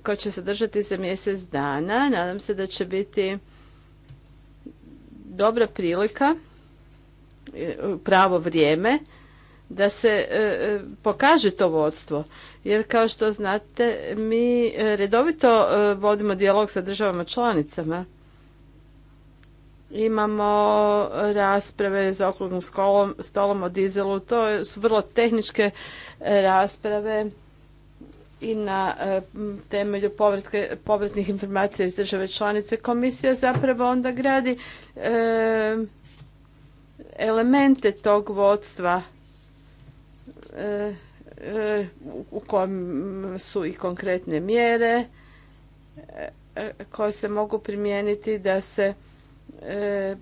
koja će se držati za mjesec dana, nadam se da će biti dobra prilika, e, pravo vrijeme da se e, e, pokaže to vodstvo. Jer kao što znate, mi redovito vodimo dijalog sa državama članicama. Imamo rasprave za Okolnom stolom o dizelu, to su vrlo tehničke rasprave i na e, temelju povratnih informacija iz države članice komisija zapravo onda gradi e, elemente tog vodstva e, u kojem su i konkretne mjere koje se mogu primijeniti da se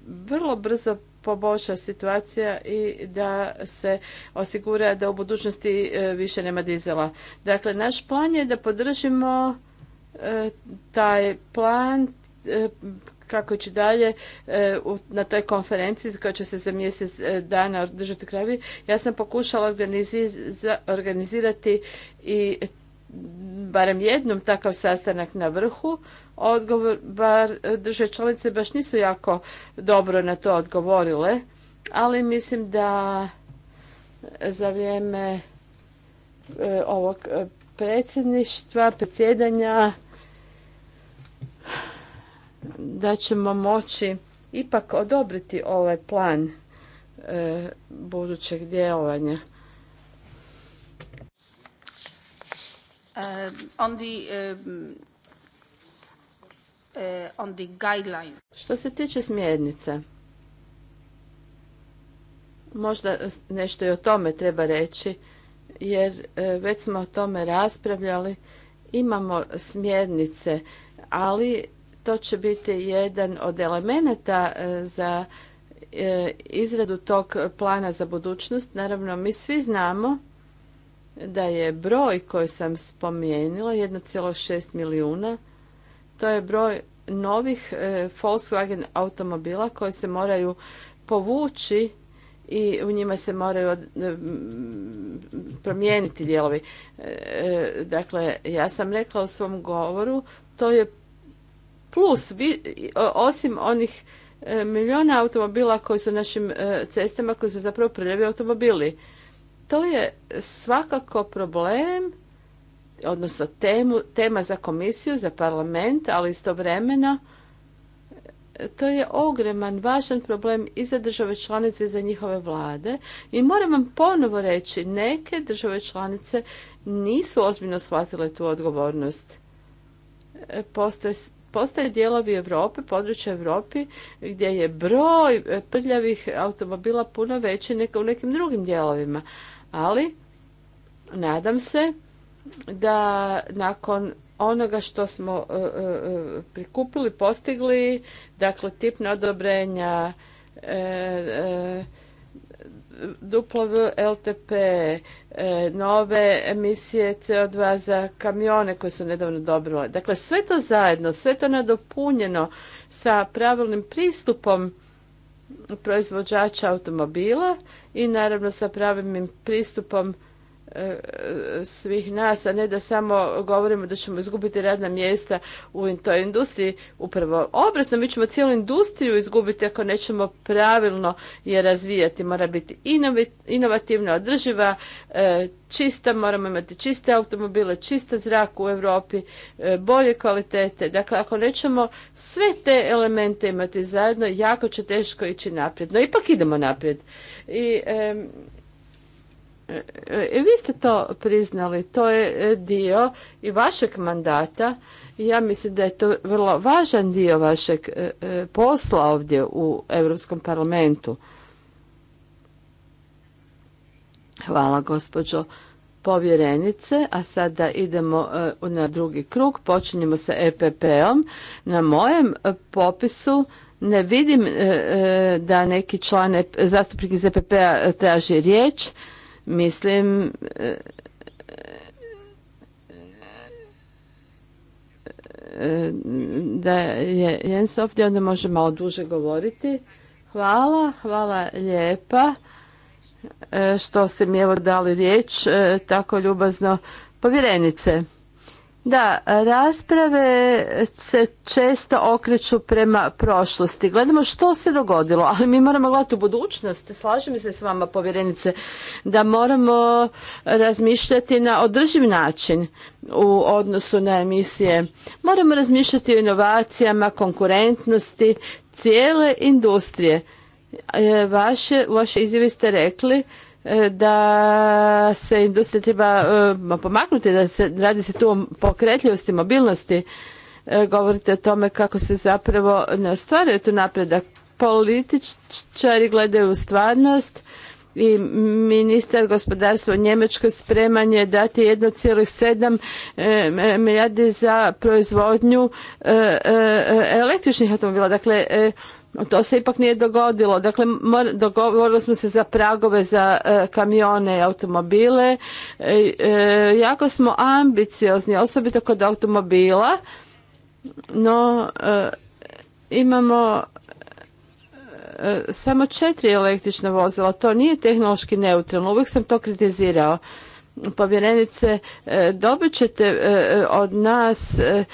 vrlo brzo poboljša situacija i da se osigura da u budućnosti e, više nema dizela. Dakle, naš plan je da podržimo e, taj plan e, kako će dalje na toj konferenciji koja će se za mjesec dana održati Kravi. Ja sam pokušala organizirati i barem jednom takav sastanak na vrhu, odgovor, bar države članice baš nisu jako dobro na to odgovorile, ali mislim da za vrijeme e, ovog e, predsjedništva, predsjedanja, da ćemo moći ipak odobriti ovaj plan e, budućeg djelovanja. Eh, eh, eh, Što se tiče smjernica, možda nešto i o tome treba reći, jer već smo o tome raspravljali. Imamo smjernice, ali to će biti jedan od elemenata za izradu tog plana za budućnost. Naravno, mi svi znamo da je broj koji sam spomenula 1,6 milijuna, to je broj novih e, Volkswagen automobila koji se moraju povući i u njima se moraju e, promijeniti dijelovi. E, dakle, ja sam rekla u svom govoru, to je plus, osim onih milijuna automobila koji su našim cestama, koji su zapravo prljavi automobili. To je svakako problem, odnosno tema za komisiju, za parlament, ali istovremeno to je ogreman, važan problem i za države članice i za njihove vlade. I moram vam ponovo reći, neke države članice nisu ozbiljno shvatile tu odgovornost. E, postoje, postoje dijelovi Europe, područja Europi, gdje je broj prljavih automobila puno veći nego u nekim drugim dijelovima ali nadam se da nakon onoga što smo e, e, e, prikupili, postigli, dakle tipne odobrenja LTP, nove emisije CO2 za kamione koje su nedavno dobrile. Dakle, sve to zajedno, sve to nadopunjeno sa pravilnim pristupom proizvođača automobila i naravno sa pravim pristupom svih nas, a ne da samo govorimo da ćemo izgubiti radna mjesta u toj industriji. Upravo obratno, mi ćemo cijelu industriju izgubiti ako nećemo pravilno je razvijati. Mora biti inovativna, održiva, e, čista, moramo imati čiste automobile, čista zrak u Europi, e, bolje kvalitete. Dakle, ako nećemo sve te elemente imati zajedno, jako će teško ići naprijed. No, ipak idemo naprijed. I E, vi ste to priznali, to je e, dio i vašeg mandata i ja mislim da je to vrlo važan dio vašeg e, posla ovdje u Europskom parlamentu. Hvala gospođo povjerenice, a sada idemo na drugi krug, počinjemo sa EPP-om. Na mojem popisu ne vidim da neki član zastupnik iz EPP-a traži riječ. Mislim eh, da je Jens ovdje, onda možemo malo duže govoriti. Hvala, hvala lijepa eh, što ste mi evo dali riječ eh, tako ljubazno povjerenice. Da, rasprave se često okreću prema prošlosti. Gledamo što se dogodilo, ali mi moramo gledati u budućnost. Slažem se s vama, povjerenice, da moramo razmišljati na održiv način u odnosu na emisije. Moramo razmišljati o inovacijama, konkurentnosti, cijele industrije. E, vaše, vaše izjave ste rekli E, da se industrija treba e, pomaknuti, da se radi se tu o pokretljivosti, mobilnosti. E, govorite o tome kako se zapravo ne ostvaruje tu napredak. Političari gledaju u stvarnost i ministar gospodarstva u Njemačkoj spreman je dati 1,7 milijardi za proizvodnju električnih automobila. Dakle, to se ipak nije dogodilo. Dakle, dogovorili smo se za pragove za e, kamione i automobile. E, e, jako smo ambiciozni, osobito kod automobila, no imamo samo četiri električna vozila. To nije tehnološki neutralno. Uvijek sam to kritizirao povjerenice, e, dobit ćete e, od nas e,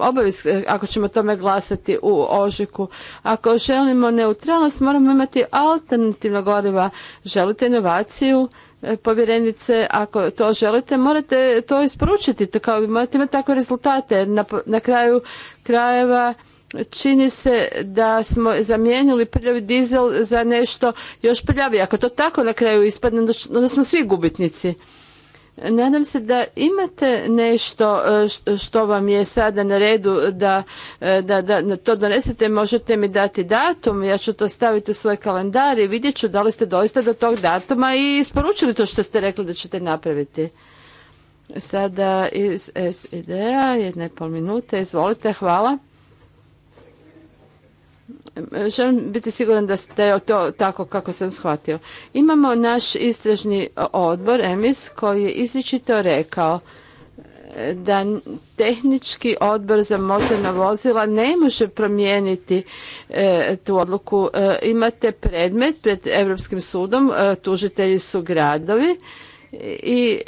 obavijest ako ćemo tome glasati u ožiku. Ako želimo neutralnost, moramo imati alternativna goriva. Želite inovaciju? povjerenice, ako to želite, morate to isporučiti, kao, morate imati takve rezultate. Na, na kraju krajeva čini se da smo zamijenili prljavi dizel za nešto još prljavi. Ako to tako na kraju ispadne, onda smo svi gubitnici. Nadam se da imate nešto e, što vam je sada na redu e, da, da, da to donesete, možete mi dati datum, ja ću to staviti u svoj kalendar i vidjet ću da li ste doista do tog datuma i isporučili to što ste rekli da ćete napraviti. Sada iz SID-a, jedna i pol minute, izvolite, hvala želim biti siguran da ste to tako kako sam shvatio. Imamo naš istražni odbor, EMIS, koji je izričito rekao e, da tehnički odbor za motorna vozila ne može promijeniti e, tu odluku. E, imate predmet pred Europskim sudom, tužitelji su gradovi i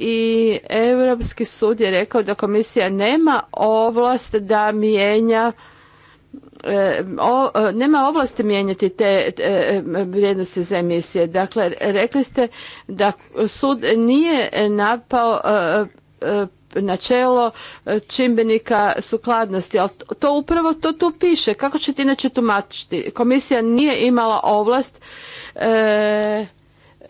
i Europski sud je rekao da komisija nema ovlast da mijenja E, e, nema ovlasti mijenjati te, e, vrijednosti za emisije. Dakle, rekli ste da sud nije napao načelo čimbenika sukladnosti, ali to upravo to tu piše. Kako ćete inače tumačiti? Komisija nije imala ovlast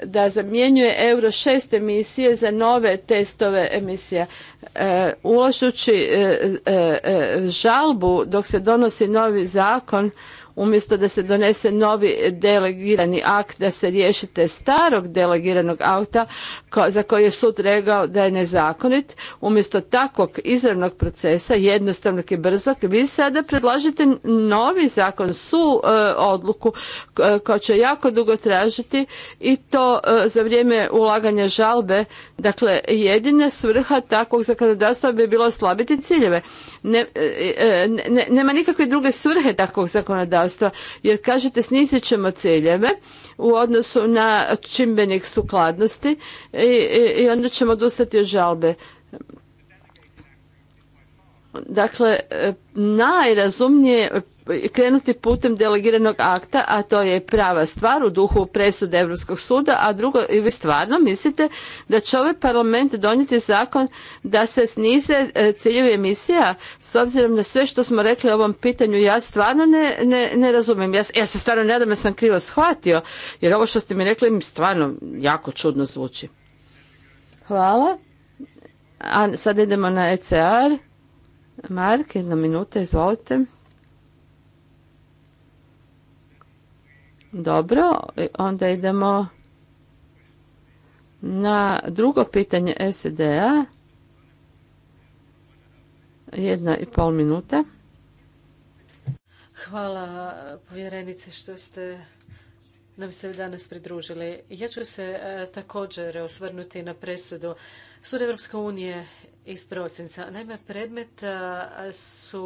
da zamjenjuje Euro 6 emisije za nove testove emisija. E, Ulošući e, e, žalbu dok se donosi novi zakon, umjesto da se donese novi delegirani akt da se riješite starog delegiranog auta za koji je sud rekao da je nezakonit, umjesto takvog izravnog procesa jednostavnog i brzog vi sada predlažete novi zakon su e, odluku e, koja će jako dugo tražiti i to e, za vrijeme ulaganja žalbe. Dakle, jedina svrha takvog zakonodavstva bi bilo slabiti ciljeve. nema nikakve druge svrhe takvog zakonodavstva jer kažete snizit ćemo ciljeve u odnosu na čimbenik sukladnosti i, i onda ćemo odustati od žalbe. Dakle, e, najrazumnije krenuti putem delegiranog akta, a to je prava stvar u duhu presude Europskog suda, a drugo, i vi stvarno mislite da će ovaj parlament donijeti zakon da se snize e, ciljevi emisija s obzirom na sve što smo rekli o ovom pitanju, ja stvarno ne, ne, razumijem. Ja, se stvarno nadam da sam krivo shvatio, jer ovo što ste mi rekli mi stvarno jako čudno zvuči. Hvala. A sad idemo na ECR. Mark, jedna minuta, izvolite. Dobro, onda idemo na drugo pitanje SED-a. Jedna i pol minuta. Hvala povjerenice što ste nam se danas pridružili. Ja ću se e, također osvrnuti na presudu. Sud Europske unije iz prosinca. Naime, predmet e, su,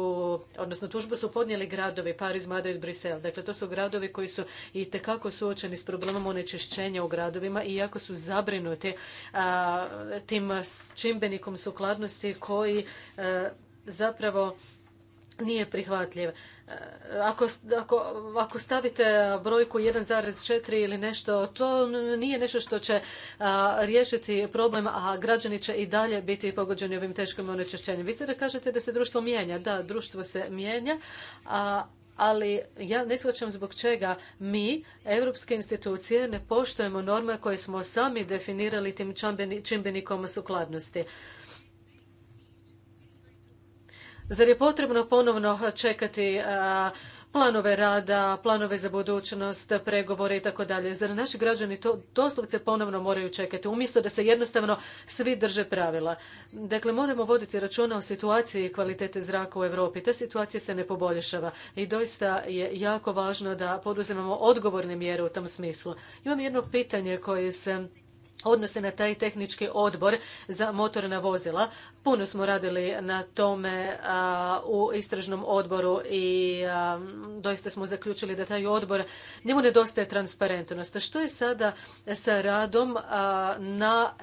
odnosno tužbu su podnijeli gradovi Pariz, Madrid, Brisel. Dakle, to su gradovi koji su i tekako suočeni s problemom onečišćenja u gradovima i jako su zabrinuti a, e, tim čimbenikom sukladnosti koji e, zapravo nije prihvatljiv ako, stavite brojku 1,4 ili nešto, to nije nešto što će riješiti problem, a građani će i dalje biti pogođeni ovim teškim onečišćenjem. Vi sada kažete da se društvo mijenja. Da, društvo se mijenja, a, ali ja ne shvaćam zbog čega mi, europske institucije, ne poštujemo norme koje smo sami definirali tim čimbenikom sukladnosti. Zar je potrebno ponovno čekati planove rada, planove za budućnost, pregovore i tako dalje. Zar naši građani to doslovce ponovno moraju čekati, umjesto da se jednostavno svi drže pravila. Dakle, moramo voditi računa o situaciji kvalitete zraka u Europi. Ta situacija se ne poboljšava i doista je jako važno da poduzimamo odgovorne mjere u tom smislu. Imam jedno pitanje koje se odnose na taj tehnički odbor za motorna vozila Puno smo radili na tome u istražnom odboru i doista smo zaključili da taj odbor, njemu nedostaje transparentnost. Što je sada sa radom na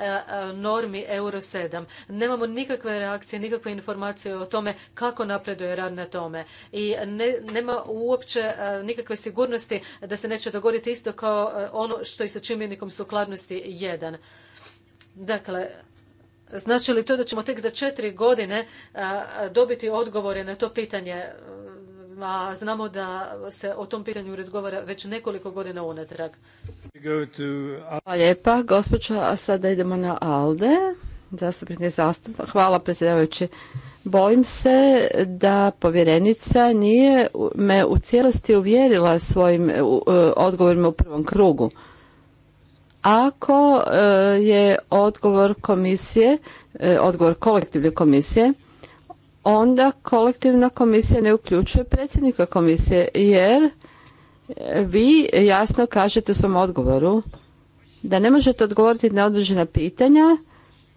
normi Euro 7? Nemamo nikakve reakcije, nikakve informacije o tome kako napreduje rad na tome. I nema uopće nikakve sigurnosti da se neće dogoditi isto kao ono što i sa čimljenikom sukladnosti jedan. Dakle, Znači li to da ćemo tek za četiri godine dobiti odgovore na to pitanje? A znamo da se o tom pitanju razgovara već nekoliko godina unatrag. Hvala lijepa, gospođa. A sada idemo na Alde. Zastupnik Hvala, predsjedavajući. Bojim se da povjerenica nije me u cijelosti uvjerila svojim odgovorima u prvom krugu. Ako e, je odgovor komisije, e, odgovor kolektivne komisije, onda kolektivna komisija ne uključuje predsjednika komisije, jer vi jasno kažete u svom odgovoru da ne možete odgovoriti na određena pitanja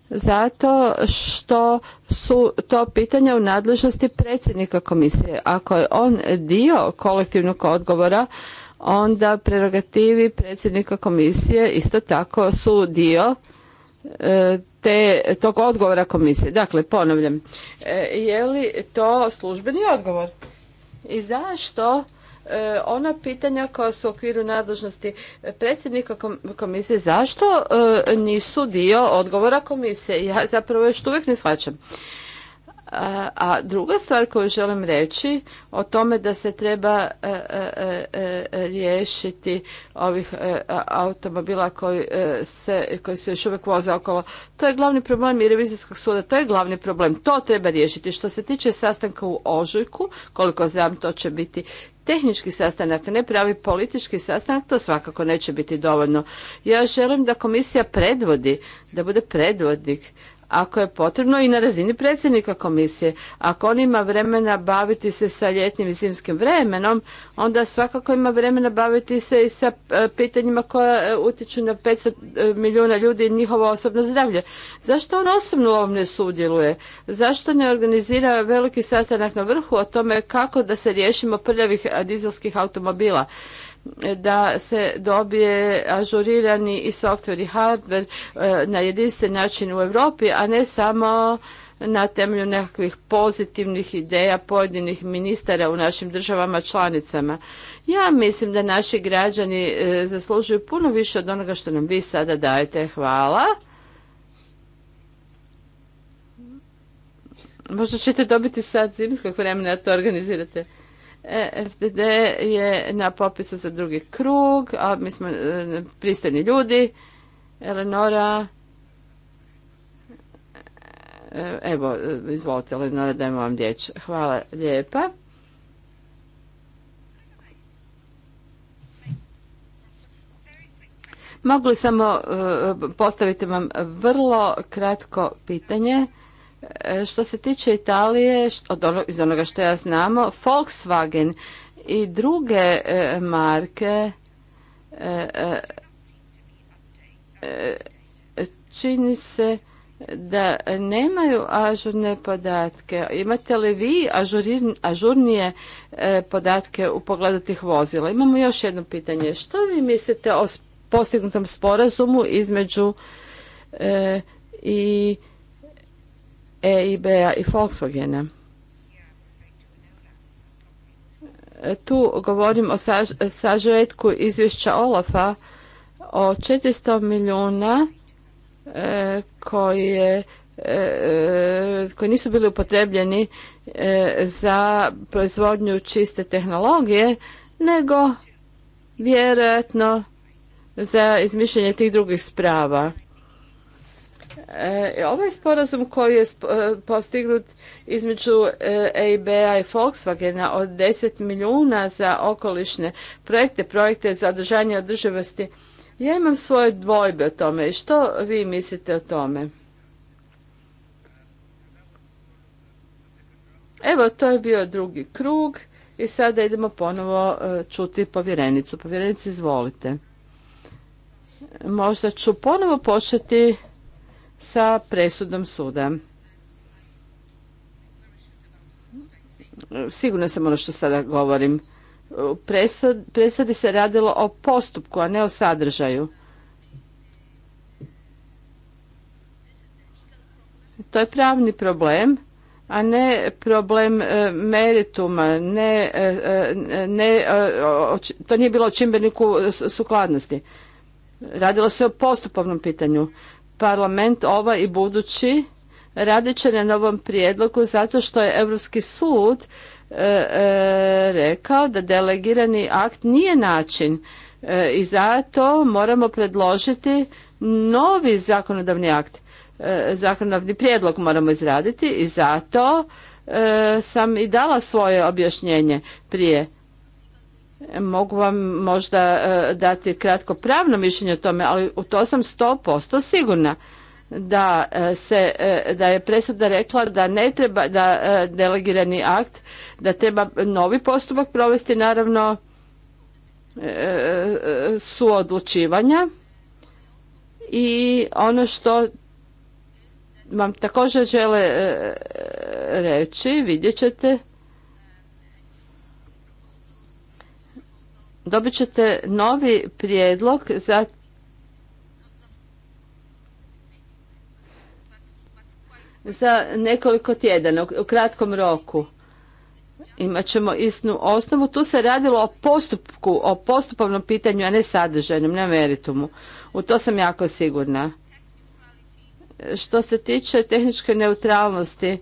zato što su to pitanja u nadležnosti predsjednika komisije. Ako je on dio kolektivnog odgovora, onda prerogativi predsjednika komisije isto tako su dio e, te, tog odgovora komisije. Dakle, ponavljam, e, je li to službeni odgovor? I zašto e, ona pitanja koja su u okviru nadležnosti predsjednika komisije, zašto nisu dio odgovora komisije? Ja zapravo još uvijek ne shvaćam. A druga stvar koju želim reći o tome da se treba e, e, e, riješiti ovih automobila koji se, koji se još uvijek voze okolo. To je glavni problem i revizijskog suda. To je glavni problem. To treba riješiti. Što se tiče sastanka u Ožujku, koliko znam to će biti tehnički sastanak, ne pravi politički sastanak, to svakako neće biti dovoljno. Ja želim da komisija predvodi, da bude predvodnik ako je potrebno i na razini predsjednika komisije. Ako on ima vremena baviti se sa ljetnim i zimskim vremenom, onda svakako ima vremena baviti se i sa e, pitanjima koja e, utječu na 500 e, milijuna ljudi i njihovo osobno zdravlje. Zašto on osobno u ovom ne sudjeluje? Zašto ne organizira veliki sastanak na vrhu o tome kako da se riješimo prljavih dizelskih automobila? da se dobije ažurirani i software i hardware na jedinstven način u Europi, a ne samo na temelju nekakvih pozitivnih ideja pojedinih ministara u našim državama članicama. Ja mislim da naši građani e, zaslužuju puno više od onoga što nam vi sada dajete. Hvala. Možda ćete dobiti sad zimskog vremena da to organizirate. E, FDD je na popisu za drugi krug, a mi smo e, pristojni ljudi. Eleonora, e, evo, izvolite Eleonora, dajmo vam riječ. Hvala lijepa. Mogu li samo postaviti vam vrlo kratko pitanje? E, što se tiče Italije, ono- iz onoga što ja znamo, Volkswagen i druge e, marke e, čini se da nemaju ažurne podatke. Imate li vi ažurnije podatke u pogledu tih vozila? Imamo još jedno pitanje. Što vi mislite o postignutom sporazumu između i EIB-a i Volkswagena. E, tu govorim o sažetku izvješća Olafa o 400 milijuna e, e, koji nisu bili upotrebljeni za proizvodnju čiste tehnologije, nego vjerojatno za izmišljanje tih drugih sprava. E, ovaj sporazum koji je e, postignut između EIB-a i Volkswagena od 10 milijuna za okolišne projekte, projekte za održanje održivosti, ja imam svoje dvojbe o tome što vi mislite o tome? Evo, to je bio drugi krug i sada idemo ponovo e, čuti povjerenicu. Povjerenici, izvolite. Možda ću ponovo početi sa presudom suda. Sigurno sam ono što sada govorim. U presadi se radilo o postupku, a ne o sadržaju. To je pravni problem, a ne problem e, merituma, e, e, to nije bilo o čimbeniku sukladnosti. Radilo se o postupovnom pitanju parlament ova i budući radit će na novom prijedlogu zato što je Europski sud e, e, rekao da delegirani akt nije način e, i zato moramo predložiti novi zakonodavni akt. Zakonodavni prijedlog moramo izraditi i zato sam i dala svoje objašnjenje prije. Mogu vam možda e, dati kratko pravno mišljenje o tome, ali u to sam 100% sigurna da e, se e, da je presuda rekla da ne treba da delegirani akt da treba novi postupak provesti naravno suodlučivanja i ono što vam također žele reći vidjet ćete dobit ćete novi prijedlog za za nekoliko tjedana u kratkom roku. Imat ćemo istnu osnovu. Tu se radilo o postupku, o postupovnom pitanju, a ne sadržajnom, ne meritumu. U to sam jako sigurna. Što se tiče tehničke neutralnosti,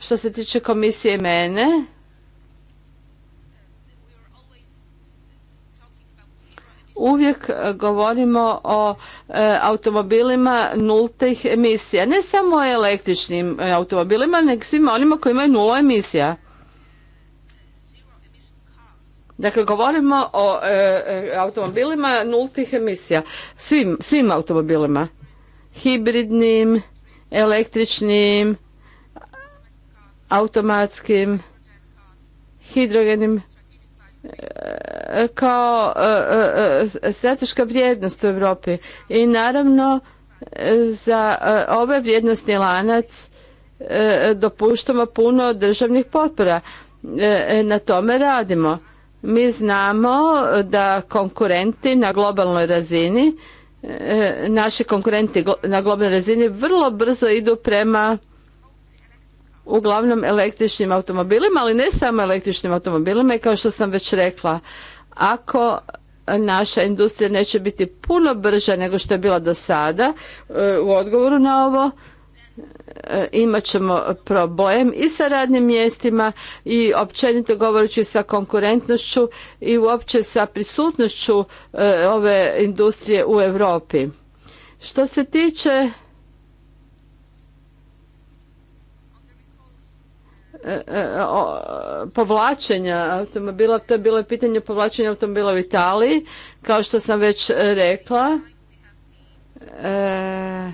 što se tiče komisije mene, uvijek e, govorimo o e, automobilima nultih emisija. Ne samo o električnim e, automobilima, nego svima onima koji imaju nula emisija. Dakle, govorimo o automobilima nultih emisija. Svim, svim automobilima. Hibridnim, električnim, automatskim, hidrogenim E, kao e, e, strateška vrijednost u Europi i naravno za ovaj vrijednostni lanac dopuštamo puno državnih potpora. Na tome radimo. Mi znamo da konkurenti na globalnoj razini, naši konkurenti na globalnoj razini vrlo brzo idu prema uglavnom električnim automobilima, ali ne samo električnim automobilima i kao što sam već rekla, ako naša industrija neće biti puno brža nego što je bila do sada e, u odgovoru na ovo, e, imat ćemo problem i sa radnim mjestima i općenito govoreći sa konkurentnošću i uopće sa prisutnošću e, ove industrije u Europi. Što se tiče E, e, povlačenja automobila, to je bilo pitanje povlačenja automobila u Italiji, kao što sam već rekla. E,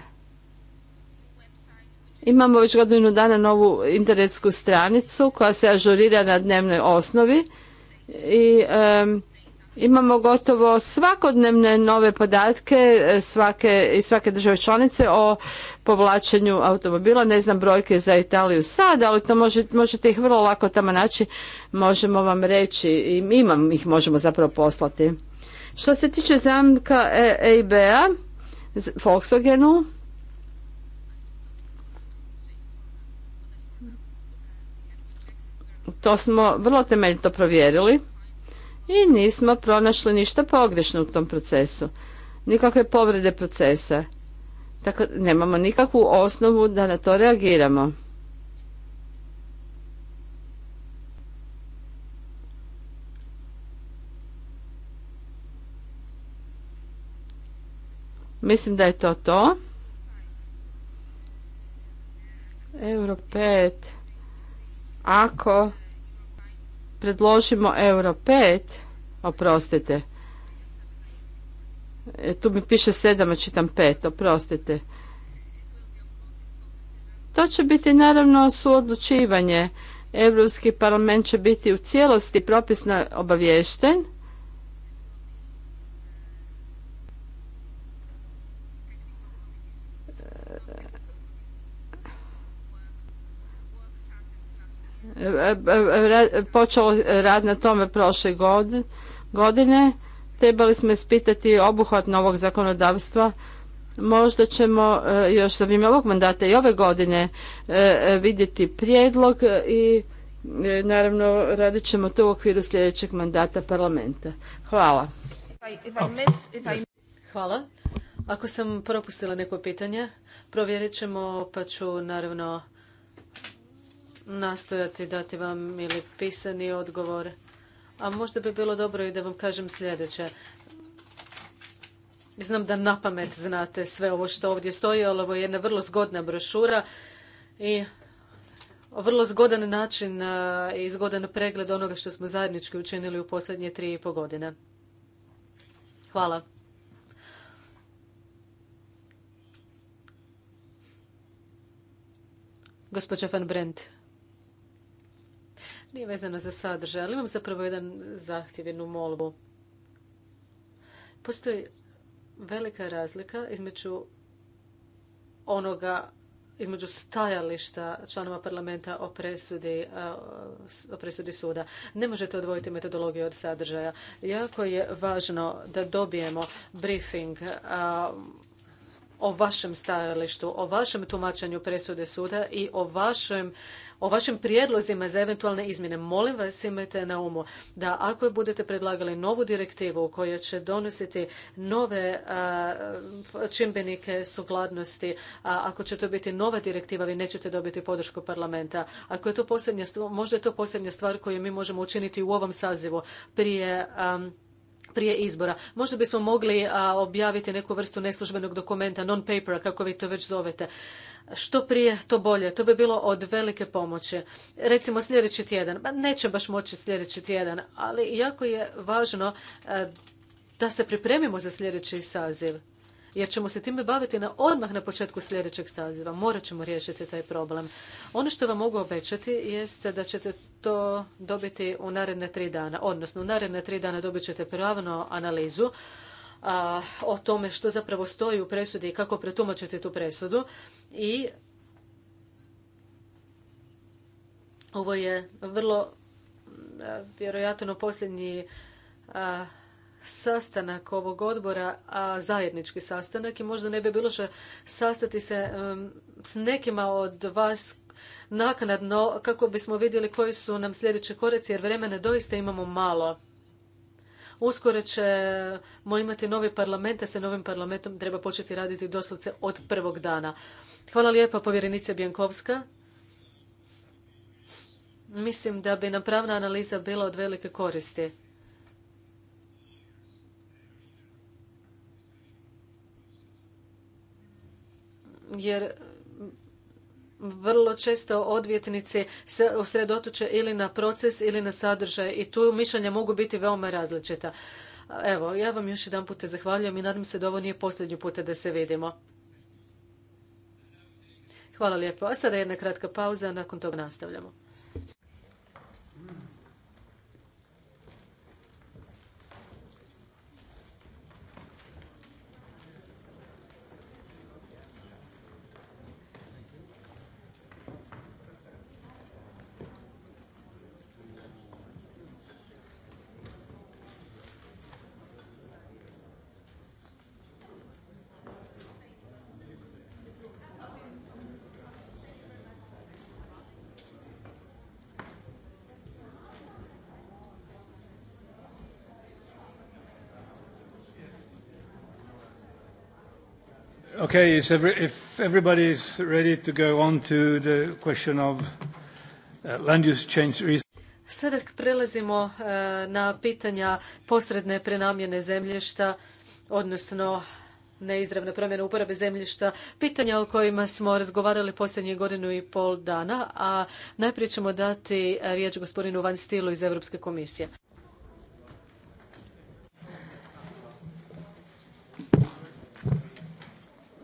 imamo već godinu dana novu internetsku stranicu koja se ažurira na dnevnoj osnovi i Imamo gotovo svakodnevne nove podatke e, svake, iz svake države članice o povlačenju automobila. Ne znam brojke za Italiju sad, ali to možete, ih vrlo lako tamo naći. Možemo vam reći, i imam ih, možemo zapravo poslati. Što se tiče zamka EIB-a, e Volkswagenu, to smo vrlo temeljito provjerili i nismo pronašli ništa pogrešno u tom procesu. Nikakve povrede procesa. Tako nemamo nikakvu osnovu da na to reagiramo. Mislim da je to to. Euro 5. Ako predložimo euro 5, oprostite, e, tu mi piše 7, a čitam 5, oprostite. To će biti naravno suodlučivanje. Europski parlament će biti u cijelosti propisno obaviješten počelo rad na tome prošle godine. Trebali smo ispitati obuhvat novog zakonodavstva. Možda ćemo e, još za vrijeme ovog mandata i ove godine e, e, vidjeti prijedlog i naravno radit ćemo to u okviru sljedećeg mandata parlamenta. Hvala. Hvala. Ako sam propustila neko pitanje, provjerit ćemo pa ću naravno nastojati dati vam ili pisani odgovor. A možda bi bilo dobro i da vam kažem sljedeće. Znam da napamet znate sve ovo što ovdje stoji, ali ovo je jedna vrlo zgodna brošura i vrlo zgodan način e, i zgodan pregled onoga što smo zajednički učinili u posljednje tri i pol godine. Hvala. Gospođa Van Brent nije vezano za sadržaj, ali imam zapravo jedan zahtjev, jednu molbu. Postoji velika razlika između onoga između stajališta članova parlamenta o presudi, o presudi suda. Ne možete odvojiti metodologiju od sadržaja. Jako je važno da dobijemo briefing o vašem stajalištu, o vašem tumačenju presude suda i o vašem o vašim prijedlozima za eventualne izmjene. Molim vas imajte na umu da ako budete predlagali novu direktivu koja će donositi nove čimbenike sukladnosti, ako će to biti nova direktiva, vi nećete dobiti podršku parlamenta. Ako je to posljednja stvar, možda je to posljednja stvar koju mi možemo učiniti u ovom sazivu prije prije izbora. Možda bismo mogli objaviti neku vrstu neslužbenog dokumenta, non-papera, kako vi to već zovete. Što prije, to bolje. To bi bilo od velike pomoći. Recimo sljedeći tjedan. Neće baš moći sljedeći tjedan, ali jako je važno da se pripremimo za sljedeći saziv jer ćemo se time baviti na odmah na početku sljedećeg saziva. Morat ćemo riješiti taj problem. Ono što vam mogu obećati jeste da ćete to dobiti u naredne tri dana. Odnosno, u naredne tri dana dobit ćete pravno analizu a, o tome što zapravo stoji u presudi i kako pretumačiti tu presudu. I ovo je vrlo vjerojatno posljednji sastanak ovog odbora, a zajednički sastanak i možda ne bi bilo še sastati se s nekima od vas naknadno kako bismo vidjeli koji su nam sljedeći koreci jer vremena doista imamo malo. Uskoro ćemo imati novi parlament, a se novim parlamentom treba početi raditi doslovce od prvog dana. Hvala lijepa povjerenice Bjankovska. Mislim da bi nam pravna analiza bila od velike koristi. jer vrlo često odvjetnici se usredotoče ili na proces ili na sadržaj i tu mišljenja mogu biti veoma različita. Evo, ja vam još jedan put zahvaljujem i nadam se da ovo nije posljednji put da se vidimo. Hvala lijepo. A sada jedna kratka pauza, nakon toga nastavljamo. Okay, if ready to go on to the question of uh, land use change Sada prelazimo uh, na pitanja posredne prenamjene zemljišta, odnosno neizravne promjene uporabe zemljišta, pitanja o kojima smo razgovarali posljednje godinu i pol dana, a najprije ćemo dati uh, riječ gospodinu Van Stilu iz Europske komisije.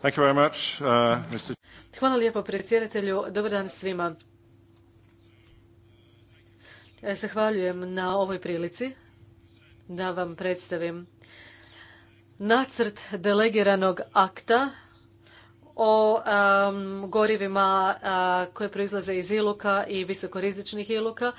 Uh, Hvala lijepo predsjedatelju. Dobar dan svima. E, zahvaljujem na ovoj prilici da vam predstavim nacrt delegiranog akta o gorivima koje proizlaze iz iluka i visokorizičnih iluka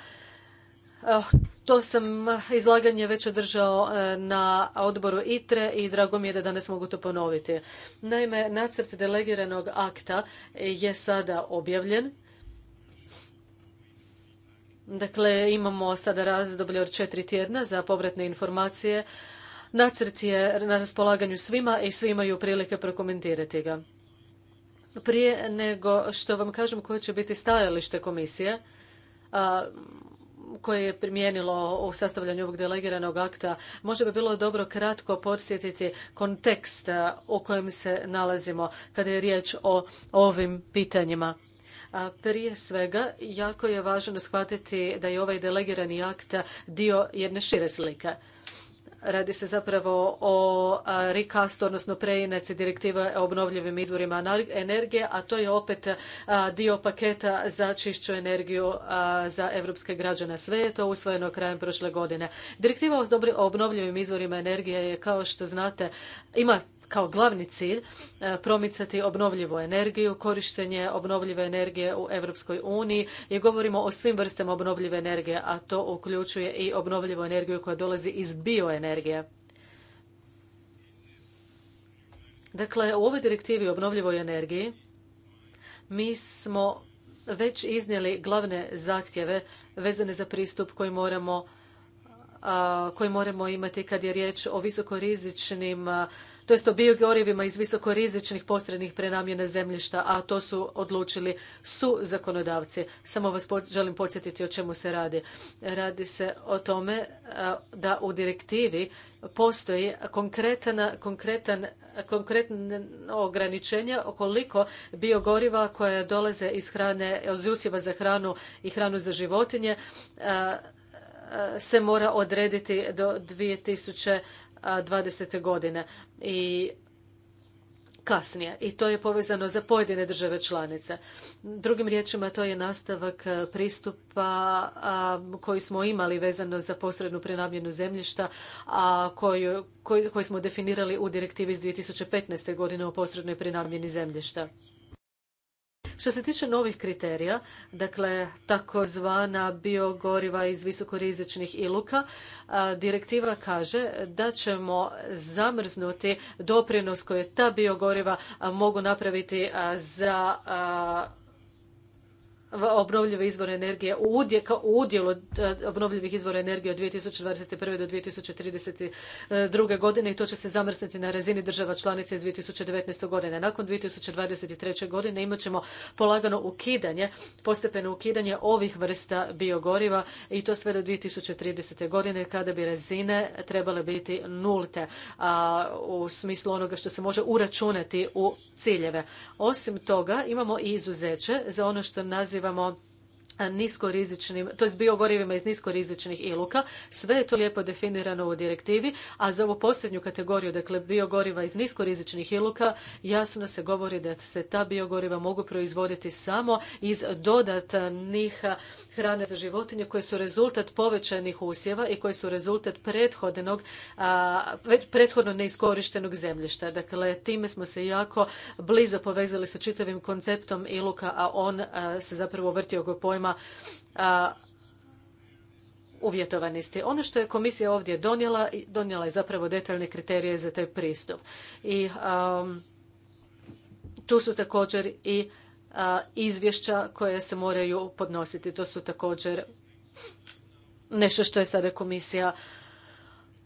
Eh, to sam izlaganje već održao eh, na odboru ITRE i drago mi je da danas mogu to ponoviti. Naime, nacrt delegiranog akta je sada objavljen. Dakle, imamo sada razdoblje od četiri tjedna za povratne informacije. Nacrt je na raspolaganju svima i svi imaju prilike prokomentirati ga. Prije nego što vam kažem koje će biti stajalište komisije, koje je primijenilo u sastavljanju ovog delegiranog akta, možda bi bilo dobro kratko podsjetiti kontekst e, u kojem se nalazimo kada je riječ o ovim pitanjima. E, prije svega, jako je važno shvatiti da je ovaj delegirani akt dio jedne šire slike. Radi se zapravo o recast, odnosno preineci direktiva o obnovljivim izvorima energije, a to je opet dio paketa za čišću energiju za evropske građane. Sve je to usvojeno krajem prošle godine. Direktiva o obnovljivim izvorima energije je, kao što znate, ima kao glavni cilj e, promicati obnovljivu energiju, korištenje obnovljive energije u Europskoj uniji i govorimo o svim vrstama obnovljive energije, a to uključuje i obnovljivu energiju koja dolazi iz bioenergije. Dakle, u ovoj direktivi o obnovljivoj energiji mi smo već iznijeli glavne zahtjeve vezane za pristup koji moramo, koji moramo imati kad je riječ o visokorizičnim to jest o biogorivima iz visokorizičnih posrednih prenamjena zemljišta, a to su odlučili su zakonodavci. Samo vas želim podsjetiti o čemu se radi. Radi se o tome e, da u direktivi postoji konkretan, konkretan, ograničenje koliko biogoriva koje dolaze iz hrane, od usjeva za hranu i hranu za životinje e, e, se mora odrediti do 2000 2020. godine i kasnije i to je povezano za pojedine države članice. Drugim riječima to je nastavak e, pristupa koji smo imali vezano za posrednu prenamjenu zemljišta a koju, koji, smo definirali u direktivi iz 2015. godine o posrednoj prenamjeni zemljišta. Što se tiče novih kriterija, dakle takozvana biogoriva iz visokorizičnih iluka, direktiva kaže da ćemo zamrznuti doprinos koje ta biogoriva mogu napraviti za obnovljive izvore energije u udjelu e, obnovljivih izvora energije od 2021. do 2032. godine i to će se zamrsniti na razini država članica iz 2019. godine. Nakon 2023. godine imat ćemo polagano ukidanje, postepeno ukidanje ovih vrsta biogoriva i to sve do 2030. godine kada bi razine trebale biti nulte u smislu onoga što se može uračunati u ciljeve. Osim toga imamo i izuzeće za ono što naziv pozivamo niskorizičnim, to biogorivima iz niskorizičnih iluka. Sve je to lijepo definirano u direktivi, a za ovu posljednju kategoriju, dakle biogoriva iz niskorizičnih iluka, jasno se govori da se ta biogoriva mogu proizvoditi samo iz dodatnih hrane za životinje koje su rezultat povećanih usjeva i koje su rezultat prethodnog, prethodno neiskorištenog zemljišta. Dakle, time smo se jako blizo povezali sa čitavim konceptom iluka, a on se zapravo vrti oko pojma uvjetovanosti. Ono što je komisija ovdje donijela, donijela je zapravo detaljne kriterije za taj pristup. I um, tu su također i izvješća koje se moraju podnositi. To su također nešto što je sada komisija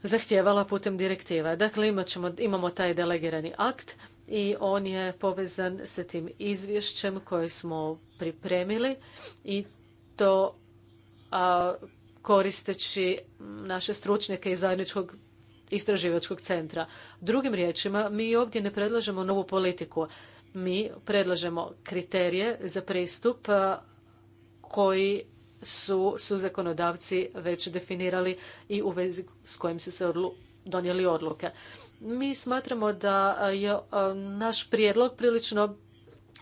zahtijevala putem direktiva. Dakle, imamo taj delegirani akt i on je povezan sa tim izvješćem koje smo pripremili i to a, koristeći naše stručnjake iz zajedničkog istraživačkog centra. Drugim riječima, mi ovdje ne predlažemo novu politiku. Mi predlažemo kriterije za pristup koji su, su zakonodavci već definirali i u vezi s kojim su se donijeli odluke. Mi smatramo da je naš prijedlog prilično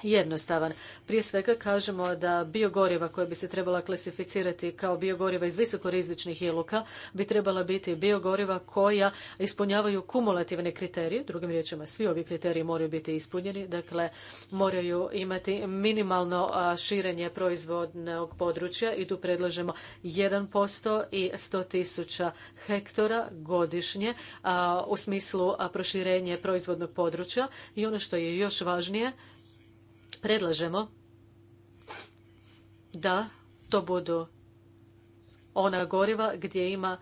jednostavan. Prije svega kažemo da biogoriva koja bi se trebala klasificirati kao biogoriva iz visokorizičnih iluka bi trebala biti biogoriva koja ispunjavaju kumulativne kriterije. Drugim riječima, svi ovi kriteriji moraju biti ispunjeni, dakle moraju imati minimalno širenje proizvodnog područja i tu predlažemo 1% i 100.000 tisuća hektara godišnje u smislu proširenje proizvodnog područja i ono što je još važnije predlažemo da to budu ona goriva gdje ima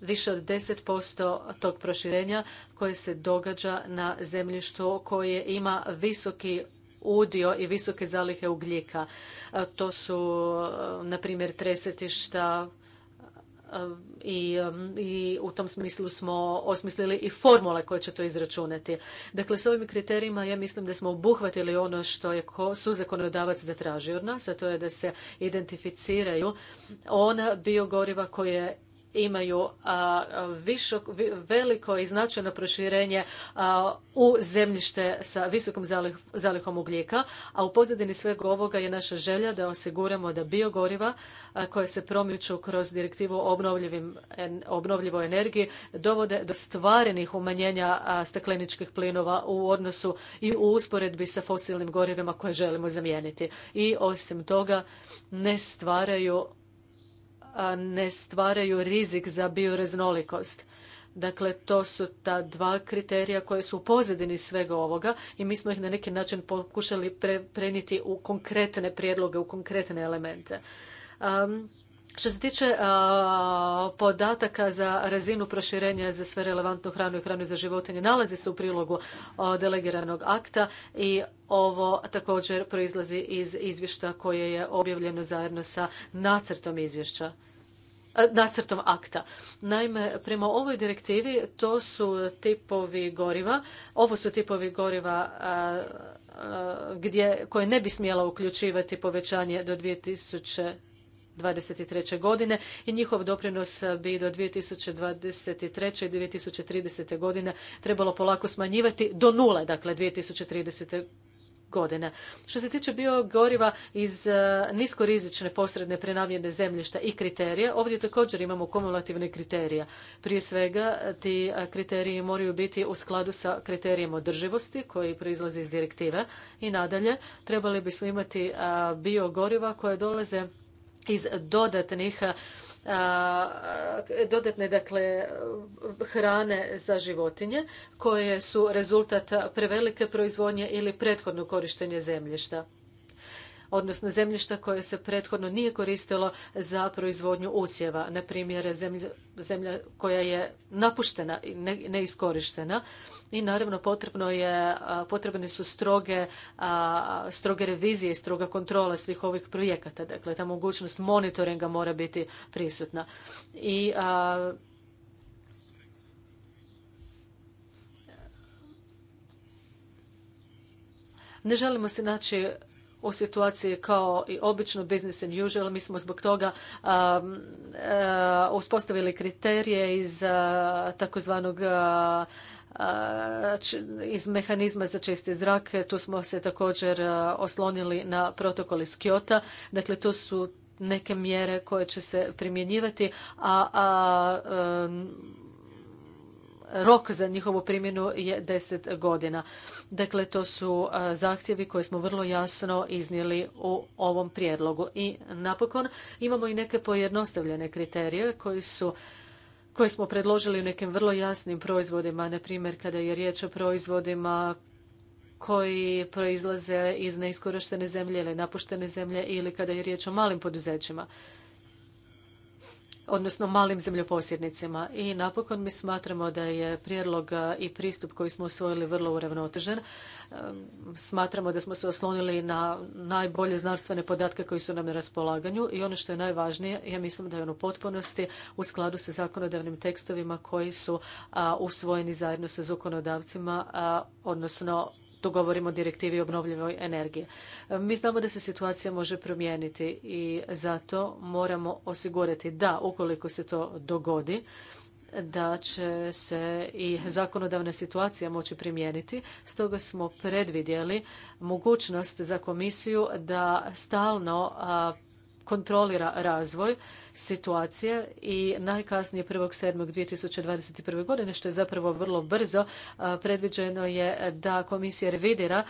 više od 10% tog proširenja koje se događa na zemljištu koje ima visoki udio i visoke zalihe ugljika. To su, na primjer, tresetišta, i, um, i u tom smislu smo osmislili i formule koje će to izračunati. Dakle, s ovim kriterijima ja mislim da smo obuhvatili ono što je zakonodavac zatražio od nas, a to je da se identificiraju ona biogoriva koje imaju veliko i značajno proširenje u zemljište sa visokom zalihom ugljika, a u pozadini svega ovoga je naša želja da osiguramo da biogoriva koje se promiču kroz direktivu o obnovljivoj energiji dovode do stvarenih umanjenja stakleničkih plinova u odnosu i u usporedbi sa fosilnim gorivima koje želimo zamijeniti. I osim toga ne stvaraju ne stvaraju rizik za bioreznolikost. Dakle, to su ta dva kriterija koje su u pozadini svega ovoga i mi smo ih na neki način pokušali pre, prenijeti u konkretne prijedloge, u konkretne elemente. Što se tiče podataka za razinu proširenja za sve relevantnu hranu i hranu za životinje, nalazi se u prilogu delegiranog akta i ovo također proizlazi iz izvješta koje je objavljeno zajedno sa nacrtom izvješća nacrtom akta. Naime, prema ovoj direktivi to su tipovi goriva, ovo su tipovi goriva gdje, koje ne bi smjela uključivati povećanje do 2000 2023. godine i njihov doprinos bi do 2023. i 2030. godine trebalo polako smanjivati do nule, dakle 2030 godine. Što se tiče biogoriva iz e, niskorizične posredne prenamjene zemljišta i kriterija ovdje također imamo kumulativne kriterije. Prije svega, ti kriteriji moraju biti u skladu sa kriterijem održivosti koji proizlazi iz direktive i nadalje trebali bismo imati e, biogoriva koje dolaze iz dodatnih dodatne dakle hrane za životinje koje su rezultat prevelike proizvodnje ili prethodno korištenje zemljišta odnosno zemljišta koje se prethodno nije koristilo za proizvodnju usjeva. Na primjer, zemlja, koja je napuštena i neiskorištena. I naravno potrebno je, potrebne su stroge, revizije i stroga kontrola svih ovih projekata. Dakle, ta mogućnost monitoringa mora biti prisutna. I ne želimo se naći u situaciji kao i obično business and usual. Mi smo zbog toga um, uh, uspostavili kriterije iz uh, takozvanog uh, iz mehanizma za čisti zrak. Tu smo se također oslonili na protokol iz Kiota. Dakle, to su neke mjere koje će se primjenjivati, a um, rok za njihovu primjenu je deset godina. Dakle, to su e, zahtjevi koje smo vrlo jasno iznijeli u ovom prijedlogu. I napokon imamo i neke pojednostavljene kriterije koji su koje smo predložili u nekim vrlo jasnim proizvodima, na primjer kada je riječ o proizvodima koji proizlaze iz neiskorištene zemlje ili napuštene zemlje ili kada je riječ o malim poduzećima odnosno malim zemljoposjednicima. I napokon mi smatramo da je prijedlog i pristup koji smo usvojili vrlo uravnotežen. Smatramo da smo se oslonili na najbolje znanstvene podatke koji su nam na raspolaganju i ono što je najvažnije, ja mislim da je on u potpunosti u skladu sa zakonodavnim tekstovima koji su usvojeni zajedno sa zakonodavcima, odnosno govorimo o direktivi obnovljivoj energije. Mi znamo da se situacija može promijeniti i zato moramo osigurati da ukoliko se to dogodi, da će se i zakonodavna situacija moći primijeniti. Stoga smo predvidjeli mogućnost za komisiju da stalno kontrolira razvoj situacije i najkasnije 1.7.2021. godine, što je zapravo vrlo brzo, predviđeno je da komisija revidira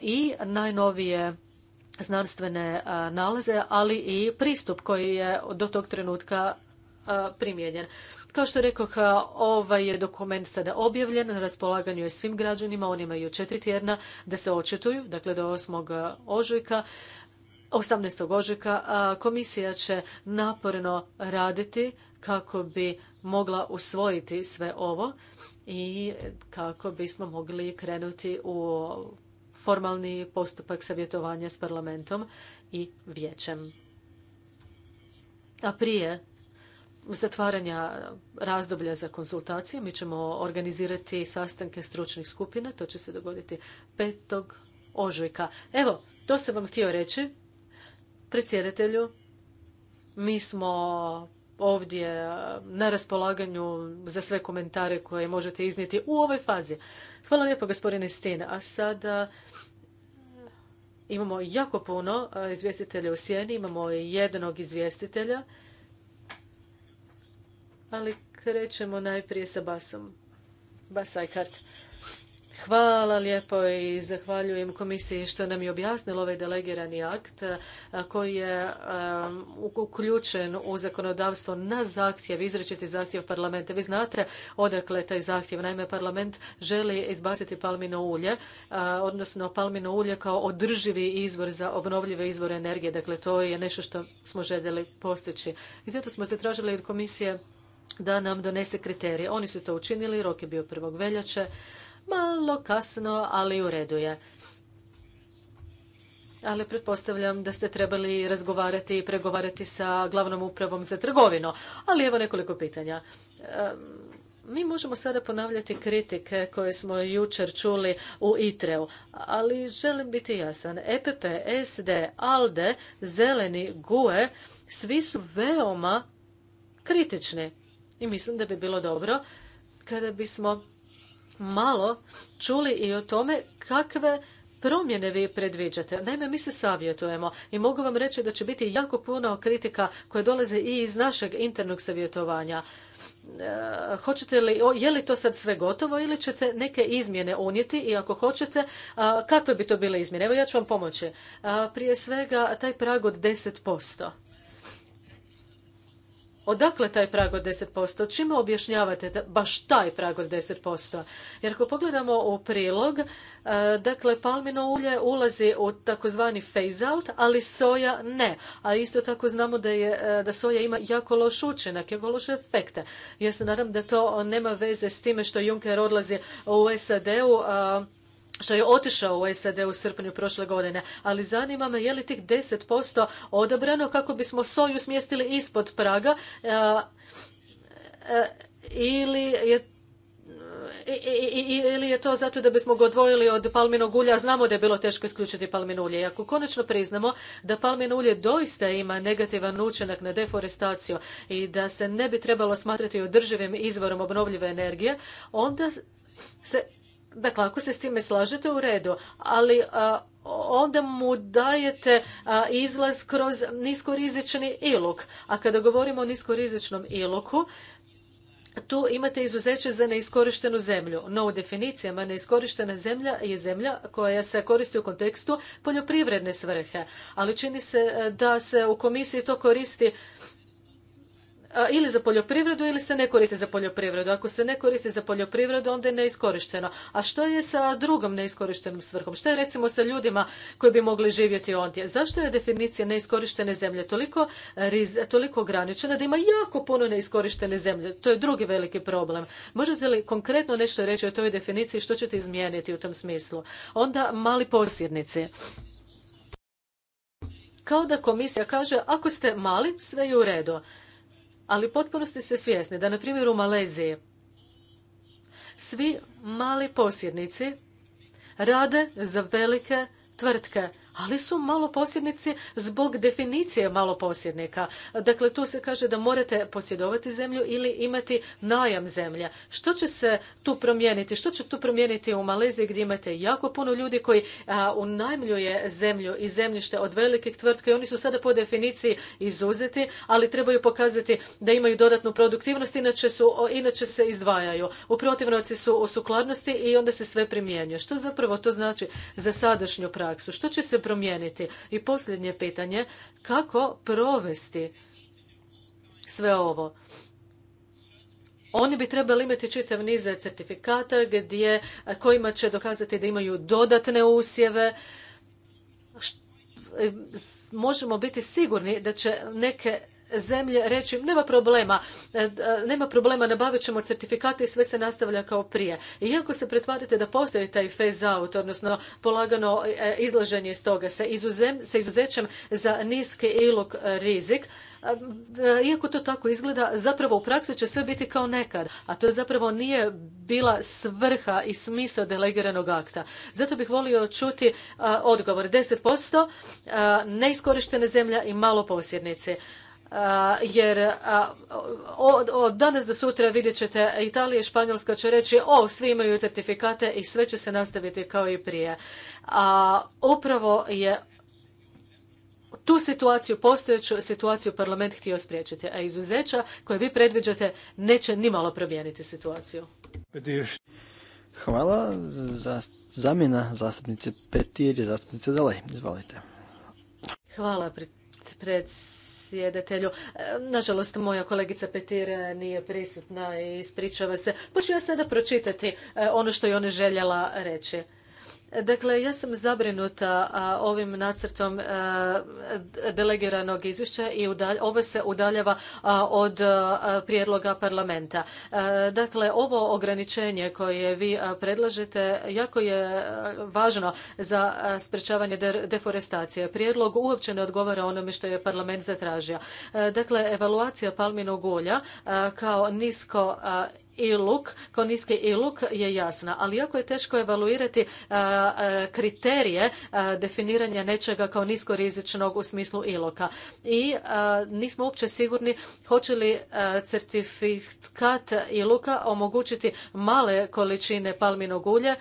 i najnovije znanstvene nalaze, ali i pristup koji je do tog trenutka primijenjen. Kao što rekao ovaj je dokument sada objavljen, na raspolaganju je svim građanima, oni imaju četiri tjedna da se očituju, dakle do 8. ožujka. 18. ožujka komisija će naporno raditi kako bi mogla usvojiti sve ovo i kako bismo mogli krenuti u formalni postupak savjetovanja s parlamentom i vijećem. A prije zatvaranja razdoblja za konsultacije mi ćemo organizirati sastanke stručnih skupina. To će se dogoditi 5. ožujka. Evo, to sam vam htio reći. Predsjedatelju, mi smo ovdje eh, na raspolaganju za sve komentare koje možete iznijeti u ovoj fazi. Hvala lijepo gospodine Stin. A sada eh, imamo jako puno eh, izvjestitelja u sjeni, imamo jednog izvjestitelja, ali krećemo najprije sa Basom. Bas Hvala lijepo i zahvaljujem komisiji što nam je objasnilo ovaj delegirani akt koji je uključen u zakonodavstvo na zahtjev, izrečiti zahtjev parlamenta. Vi znate odakle taj zahtjev. Naime, parlament želi izbaciti palmino ulje, odnosno palmino ulje kao održivi izvor za obnovljive izvore energije. Dakle, to je nešto što smo željeli postići. I zato smo zatražili od komisije da nam donese kriterije. Oni su to učinili, rok je bio 1. veljače. Malo kasno, ali u redu je. Ali pretpostavljam da ste trebali razgovarati i pregovarati sa glavnom upravom za trgovinu. Ali evo nekoliko pitanja. Mi možemo sada ponavljati kritike koje smo jučer čuli u ITRE-u, ali želim biti jasan. EPP, SD, ALDE, Zeleni, GUE, svi su veoma kritični. I mislim da bi bilo dobro kada bismo malo čuli i o tome kakve promjene vi predviđate. Naime, mi se savjetujemo i mogu vam reći da će biti jako puno kritika koje dolaze i iz našeg internog savjetovanja. E, hoćete li, je li to sad sve gotovo ili ćete neke izmjene unijeti i ako hoćete, kakve bi to bile izmjene? Evo ja ću vam pomoći. prije svega taj prag od 10%. Odakle taj prag od 10%? Čime objašnjavate baš taj prag od 10%? Jer ako pogledamo u prilog, e, dakle, palmino ulje ulazi u takozvani phase out, ali soja ne. A isto tako znamo da, je, e, da soja ima jako loš učinak, jako loše efekte. Ja se nadam da to nema veze s time što Juncker odlazi u SAD-u, što je otišao u SAD u srpnju prošle godine, ali zanima me je li tih 10% odabrano kako bismo soju smjestili ispod praga ili je ili je to zato da bismo ga odvojili od palminog ulja, znamo da je bilo teško isključiti palminulje ulje. I ako konačno priznamo da palmino ulje doista ima negativan učinak na deforestaciju i da se ne bi trebalo smatrati održivim izvorom obnovljive energije, onda se Dakle, ako se s time slažete u redu, ali onda mu dajete izlaz kroz niskorizični ilok. A kada govorimo o niskorizičnom iloku, tu imate izuzeće za neiskorištenu zemlju, no u definicijama neiskorištena zemlja je zemlja koja se koristi u kontekstu poljoprivredne svrhe, ali čini se e, da se u komisiji to koristi ili za poljoprivredu ili se ne koristi za poljoprivredu. Ako se ne koristi za poljoprivredu onda je neiskorišteno. A što je sa drugom neiskorištenom svrhom? Što je recimo sa ljudima koji bi mogli živjeti ondje? Zašto je definicija neiskorištene zemlje toliko, toliko ograničena da ima jako puno neiskorištene zemlje? To je drugi veliki problem. Možete li konkretno nešto reći o toj definiciji što ćete izmijeniti u tom smislu? Onda mali posjednici kao da komisija kaže ako ste mali sve je u redu ali potpuno ste se svjesni da, na primjer, u Maleziji svi mali posjednici rade za velike tvrtke ali su maloposjednici zbog definicije maloposjednika. Dakle, tu se kaže da morate posjedovati zemlju ili imati najam zemlje. Što će se tu promijeniti? Što će tu promijeniti u Maleziji gdje imate jako puno ljudi koji unajmljuje zemlju i zemljište od velikih tvrtki i oni su sada po definiciji izuzeti, ali trebaju pokazati da imaju dodatnu produktivnost, inače, su, inače se izdvajaju. U protivnoci su u sukladnosti i onda se sve primjenjuje. Što zapravo to znači za sadašnju praksu? Što će se promijeniti? I posljednje pitanje, kako provesti sve ovo? Oni bi trebali imati čitav niz certifikata gdje, kojima će dokazati da imaju dodatne usjeve. E, možemo biti sigurni da će neke zemlje reći nema problema, e, e, nema problema, nabavit ćemo certifikate i sve se nastavlja kao prije. Iako se pretvarate da postoji taj phase out, odnosno polagano e, izlaženje iz toga sa, izuzećem za niski ilog rizik, iako to tako izgleda, zapravo u praksi će sve biti kao nekad, a to zapravo nije bila svrha i smisao delegiranog akta. Zato bih volio čuti odgovor 10% neiskorištene zemlja i malo posjednici jer od danas do sutra vidjet ćete Italija i Španjolska će reći o, svi imaju certifikate i sve će se nastaviti kao i prije. A upravo je tu situaciju, postojeću situaciju parlament htio spriječiti, a izuzeća koje vi predviđate neće nimalo promijeniti situaciju. Hvala. Za, zamjena zastupnice Petir i zastupnice Dalej. Hvala predsjedatelju. E, nažalost, moja kolegica Petir e, nije prisutna i ispričava se. Pa ću ja sada pročitati e, ono što je ona željela reći. Dakle, ja sam zabrinuta ovim nacrtom e, delegiranog izvješća i ovo se udaljava od e, prijedloga parlamenta. E, dakle, ovo ograničenje koje vi predlažete jako je važno za sprečavanje deforestacije. Prijedlog uopće ne odgovara onome što je parlament zatražio. Dakle, evaluacija palminog ulja kao nisko luk kao niski iluk je jasna, ali jako je teško evaluirati kriterije definiranja nečega kao niskorizičnog u smislu iloka. I nismo uopće sigurni hoće li certifikat iluka omogućiti male količine palminog ulja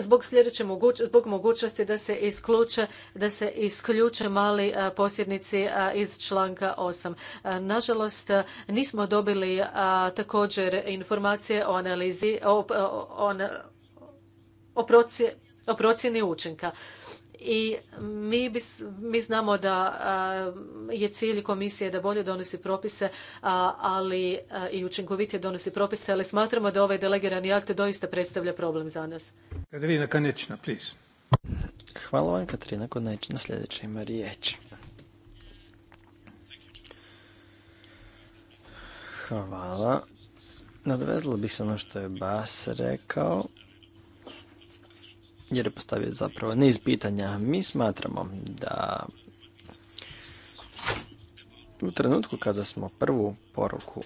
zbog sljedeće mogućnosti, zbog mogućnosti da se isključe, da se isključe mali posjednici iz članka 8. Nažalost, nismo dobili također informacije o analizi, o, o, o procjeni učinka i mi, bis, mi znamo da eh, je cilj komisije da bolje donosi propise, a, ali eh, i učinkovitije donosi propise, ali smatramo da ovaj delegirani akt doista predstavlja problem za nas. Katarina Konečna, please. Hvala vam, Katarina Konečna. Sljedeća ima riječ. Hvala. Nadvezla bih se ono što je Bas rekao jer je postavio zapravo niz pitanja. Mi smatramo da u trenutku kada smo prvu poruku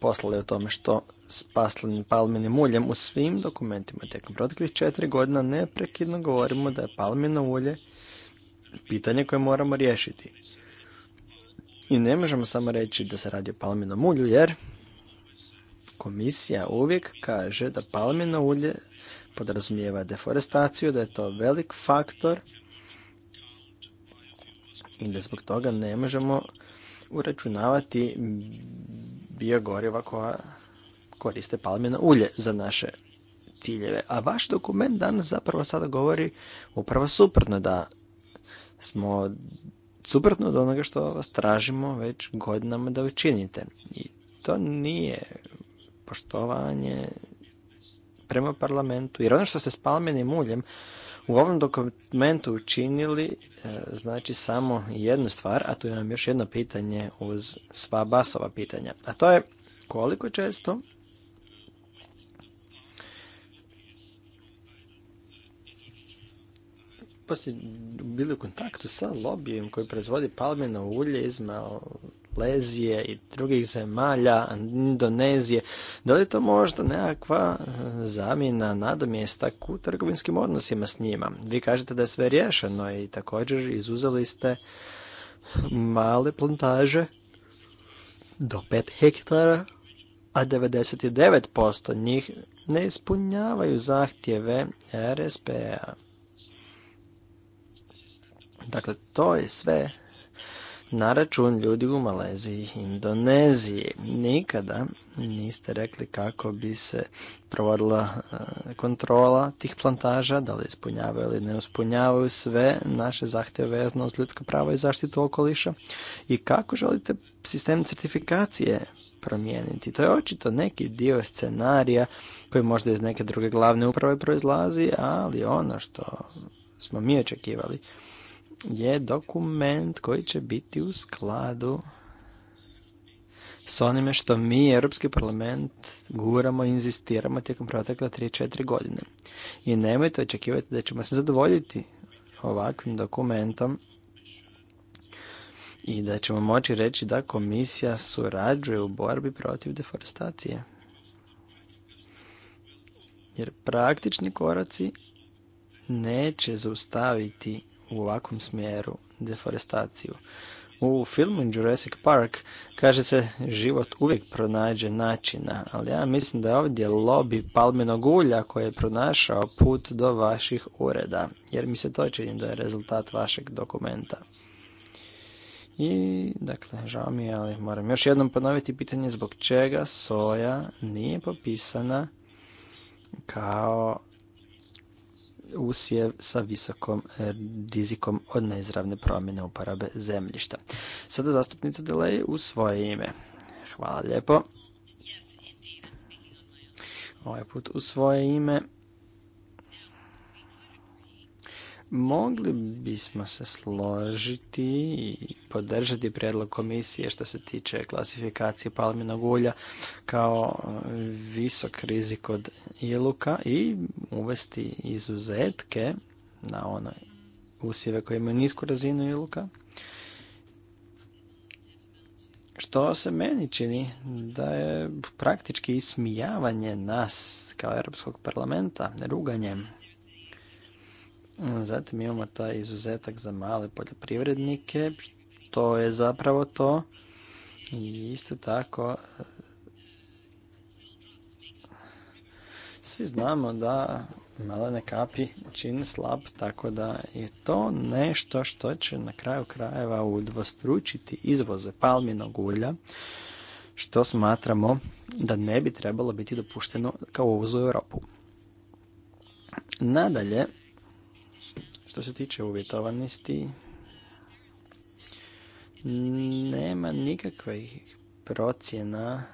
poslali o tome što s paslenim palminim uljem u svim dokumentima tijekom proteklih četiri godina neprekidno govorimo da je palmino ulje pitanje koje moramo riješiti. I ne možemo samo reći da se radi o palminom ulju jer komisija uvijek kaže da palmino ulje podrazumijeva deforestaciju, da je to velik faktor i da zbog toga ne možemo uračunavati biogoriva koja koriste palmino ulje za naše ciljeve. A vaš dokument danas zapravo sada govori upravo suprotno da smo suprotno od onoga što vas tražimo već godinama da učinite. I to nije poštovanje prema parlamentu, jer ono što ste s palmenim uljem u ovom dokumentu učinili e, znači samo jednu stvar, a tu imam još jedno pitanje uz sva basova pitanja. A to je koliko često bili u kontaktu sa lobijem koji proizvodi palmeno ulje iz Lezije i drugih zemalja, Indonezije, da li je to možda nekakva e, zamjena nadomjestak u trgovinskim odnosima s njima? Vi kažete da je sve rješeno i također izuzeli ste male plantaže do 5 hektara, a 99% njih ne ispunjavaju zahtjeve rsp p-a. Dakle, to je sve na račun ljudi u Maleziji i Indoneziji. Nikada niste rekli kako bi se provodila e, kontrola tih plantaža, da li ispunjavaju ili ne ispunjavaju sve naše zahtjeve vezano uz ljudska prava i zaštitu okoliša i kako želite sistem certifikacije promijeniti. To je očito neki dio scenarija koji možda iz neke druge glavne uprave proizlazi, ali ono što smo mi očekivali je dokument koji će biti u skladu s onime što mi, Europski parlament, guramo i inzistiramo tijekom protekla 3-4 godine. I nemojte očekivati da ćemo se zadovoljiti ovakvim dokumentom i da ćemo moći reći da komisija surađuje u borbi protiv deforestacije. Jer praktični koraci neće zaustaviti u ovakvom smjeru deforestaciju. U filmu Jurassic Park kaže se život uvijek pronađe načina, ali ja mislim da je ovdje lobby palmenog ulja koji je pronašao put do vaših ureda, jer mi se to čini da je rezultat vašeg dokumenta. I, dakle, žao mi je, ali moram još jednom ponoviti pitanje zbog čega soja nije popisana kao usjev sa visokom e, rizikom od neizravne promjene uporabe zemljišta. Sada zastupnica Delej u svoje ime. Hvala lijepo. Ovaj put u svoje ime. Mogli bismo se složiti i podržati prijedlog komisije što se tiče klasifikacije palminog ulja kao e, visok rizik od iluka i uvesti izuzetke na one usjeve koje imaju nisku razinu iluka. Što se meni čini da je praktički ismijavanje nas kao Europskog parlamenta ruganjem Zatim imamo taj izuzetak za male poljoprivrednike, što je zapravo to. I isto tako, svi znamo da malene kapi čine slab, tako da je to nešto što će na kraju krajeva udvostručiti izvoze palminog ulja, što smatramo da ne bi trebalo biti dopušteno kao uvoz u Europu. Nadalje, što se tiče uvjetovanosti, nema nikakvih procjena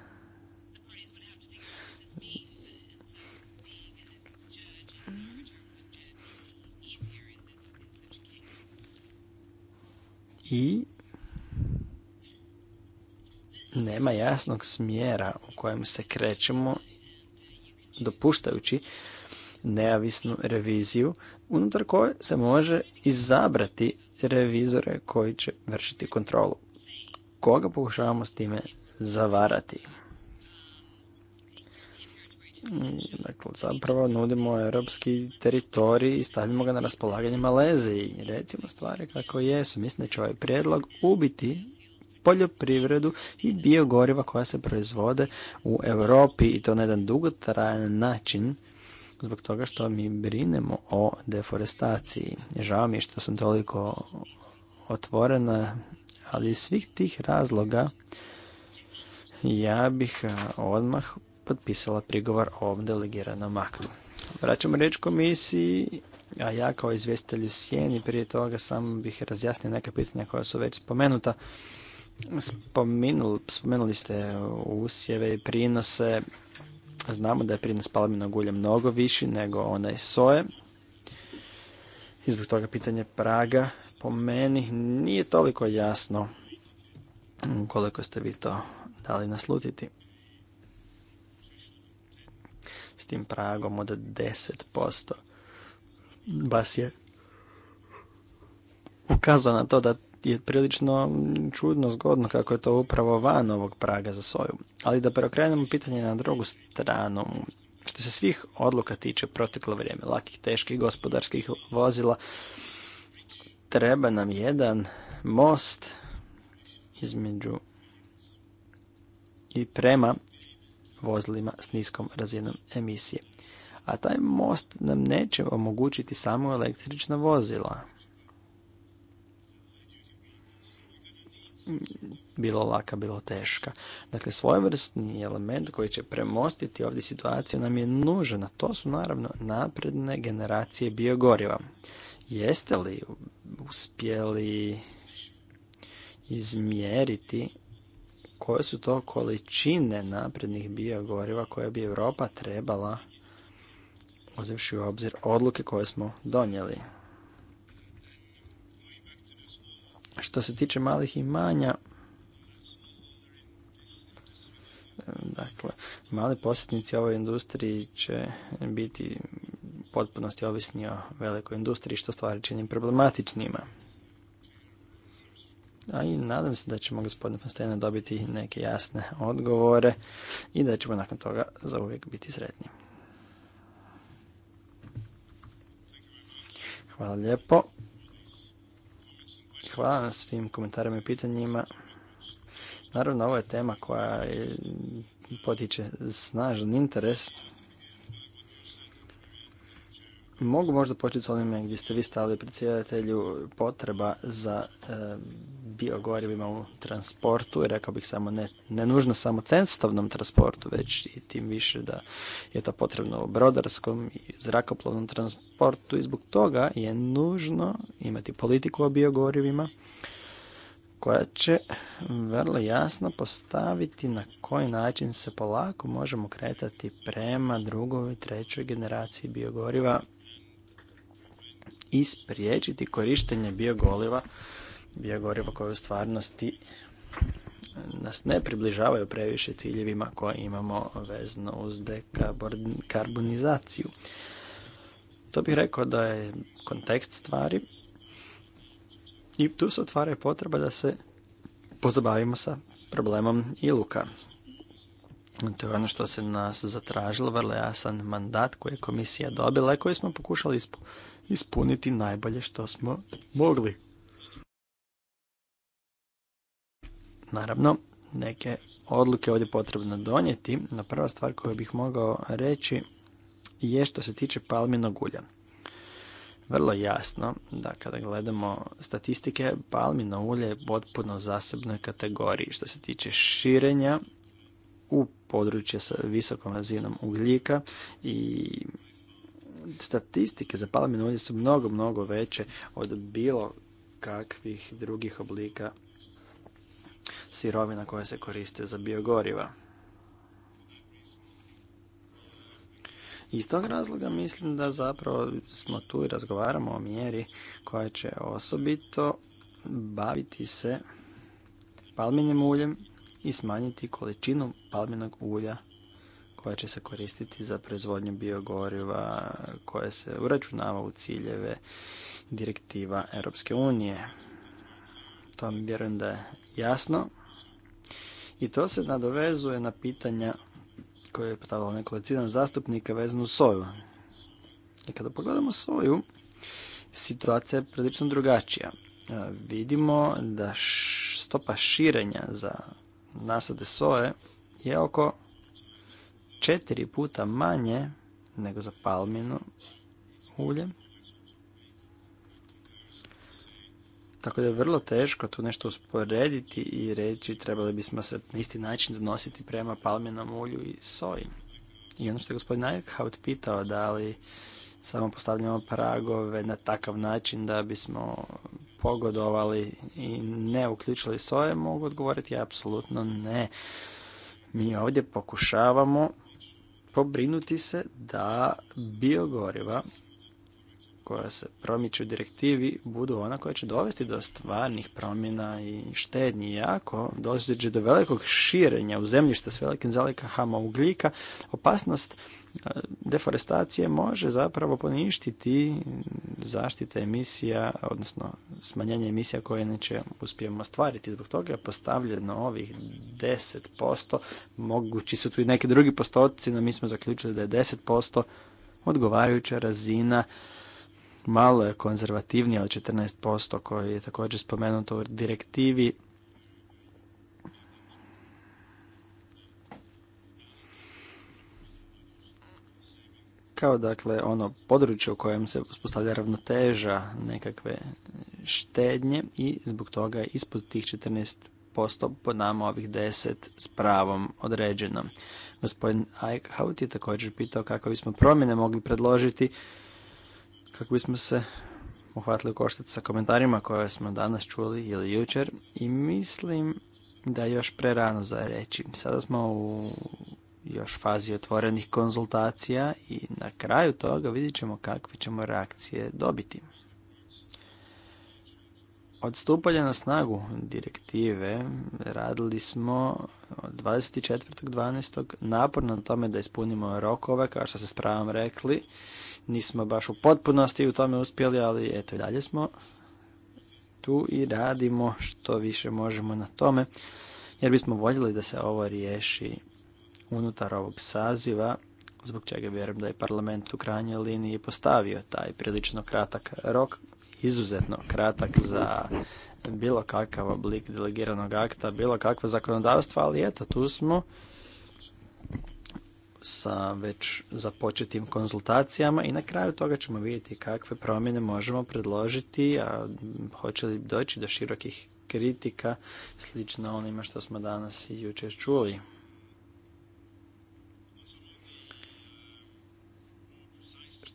i nema jasnog smjera u kojem se krećemo dopuštajući neavisnu reviziju unutar koje se može izabrati revizore koji će vršiti kontrolu. Koga pokušavamo s time zavarati? Mm, dakle, zapravo nudimo europski teritorij i stavljamo ga na raspolaganje Maleziji. Recimo stvari kako jesu. Mislim da će ovaj prijedlog ubiti poljoprivredu i biogoriva koja se proizvode u Europi i to na jedan dugotrajan način zbog toga što mi brinemo o deforestaciji. Žao mi je što sam toliko otvorena, ali iz svih tih razloga ja bih e, odmah potpisala prigovor o ovom delegiranom aktu. Vraćamo reč komisiji, a ja kao izvjestitelj u Sjeni prije toga sam bih razjasnio neka pitanja koja su već spomenuta. spomenuli ste usjeve i prinose, Znamo da je prinos palminog ulja mnogo viši nego onaj soje. I zbog toga pitanje praga po meni nije toliko jasno koliko ste vi to dali naslutiti. S tim pragom od 10%. Bas je ukazao na to da je prilično čudno, zgodno kako je to upravo van ovog praga za soju. Ali da preokrenemo pitanje na drugu stranu, što se svih odluka tiče proteklo vrijeme, lakih, teških, gospodarskih vozila, treba nam jedan most između i prema vozilima s niskom razinom emisije. A taj most nam neće omogućiti samo električna vozila. bilo laka, bilo teška. Dakle, svojevrsni element koji će premostiti ovdje situaciju nam je nužan, to su naravno napredne generacije biogoriva. Jeste li uspjeli izmjeriti koje su to količine naprednih biogoriva koje bi Europa trebala uzivši u obzir odluke koje smo donijeli. Što se tiče malih imanja, dakle, mali posjetnici ovoj industriji će biti potpunosti ovisni o velikoj industriji, što stvari čini problematičnima. A i nadam se da ćemo gospodine Fonstena dobiti neke jasne odgovore i da ćemo nakon toga zauvijek biti sretni. Hvala lijepo. Hvala na svim komentarima i pitanjima. Naravno, ovo je tema koja potiče snažan interes Mogu možda početi s onime gdje ste vi stavili predsjedatelju potreba za e, biogorivima u transportu i rekao bih samo ne, ne nužno samo cestovnom transportu, već i tim više da je to potrebno u brodarskom i zrakoplovnom transportu i zbog toga je nužno imati politiku o biogorivima koja će vrlo jasno postaviti na koji način se polako možemo kretati prema drugoj trećoj generaciji biogoriva i korištenje biogoriva, biogoriva koje u stvarnosti eh, nas ne približavaju previše ciljevima koje imamo vezno uz dekarbonizaciju. To bih rekao da je kontekst stvari i tu se otvara potreba da se pozabavimo sa problemom iluka. To je ono što se nas zatražilo, vrlo jasan mandat koji je komisija dobila i koji smo pokušali ispuniti najbolje što smo mogli. Naravno, neke odluke ovdje potrebno donijeti, na prva stvar koju bih mogao reći je što se tiče palminog ulja. Vrlo jasno da kada gledamo statistike, palmino ulje je potpuno zasebnoj kategoriji. Što se tiče širenja u područje sa visokom razinom ugljika i statistike za palmino ulje su mnogo, mnogo veće od bilo kakvih drugih oblika sirovina koje se koriste za biogoriva. Iz tog razloga mislim da zapravo smo tu i razgovaramo o mjeri koja će osobito baviti se palminim uljem i smanjiti količinu palminog ulja koja će se koristiti za proizvodnju biogoriva koje se uračunava u ciljeve direktiva Europske unije. To mi vjerujem da je jasno. I to se nadovezuje na pitanja koje je postavilo nekolicina zastupnika vezano u soju. I kada pogledamo soju, situacija je prilično drugačija. E, vidimo da stopa širenja za nasade soje je oko četiri puta manje nego za palminu ulje. Tako da je vrlo teško tu nešto usporediti i reći trebali bismo se na isti način donositi prema palminom ulju i soji. I ono što je gospodin Eichhout pitao da li samo postavljamo pragove na takav način da bismo pogodovali i ne uključili soje, mogu odgovoriti apsolutno ne. Mi ovdje pokušavamo pobrinuti se da biogoriva koja se promiče u direktivi budu ona koja će dovesti do stvarnih promjena i štednji. jako dođe do velikog širenja u zemljišta s velikim zalikahama ugljika, opasnost deforestacije može zapravo poništiti zaštita emisija, odnosno smanjenje emisija koje neće uspijemo stvariti. Zbog toga je postavljeno ovih 10%, mogući su tu i neki drugi postoci, no mi smo zaključili da je 10% odgovarajuća razina malo je konzervativnija od 14% koji je također spomenuto u direktivi kao dakle ono područje u kojem se uspostavlja ravnoteža nekakve štednje i zbog toga je ispod tih 14% po nama ovih 10 s pravom određeno. Gospodin Eichhout je također pitao kako bismo promjene mogli predložiti, kako bismo se uhvatili koštac sa komentarima koje smo danas čuli ili jučer i mislim da je još prerano za reći. Sada smo u još fazi otvorenih konzultacija i na kraju toga vidjet ćemo kakve ćemo reakcije dobiti. Od stupanja na snagu direktive radili smo od 24.12. naporno na tome da ispunimo rokove, kao što se s pravom rekli. Nismo baš u potpunosti u tome uspjeli, ali eto i dalje smo tu i radimo što više možemo na tome, jer bismo voljeli da se ovo riješi unutar ovog saziva, zbog čega vjerujem da je parlament u krajnjoj liniji postavio taj prilično kratak rok, izuzetno kratak za bilo kakav oblik delegiranog akta, bilo kakvo zakonodavstvo, ali eto, tu smo sa već započetim konzultacijama i na kraju toga ćemo vidjeti kakve promjene možemo predložiti, a hoće li doći do širokih kritika slično onima što smo danas i jučer čuli.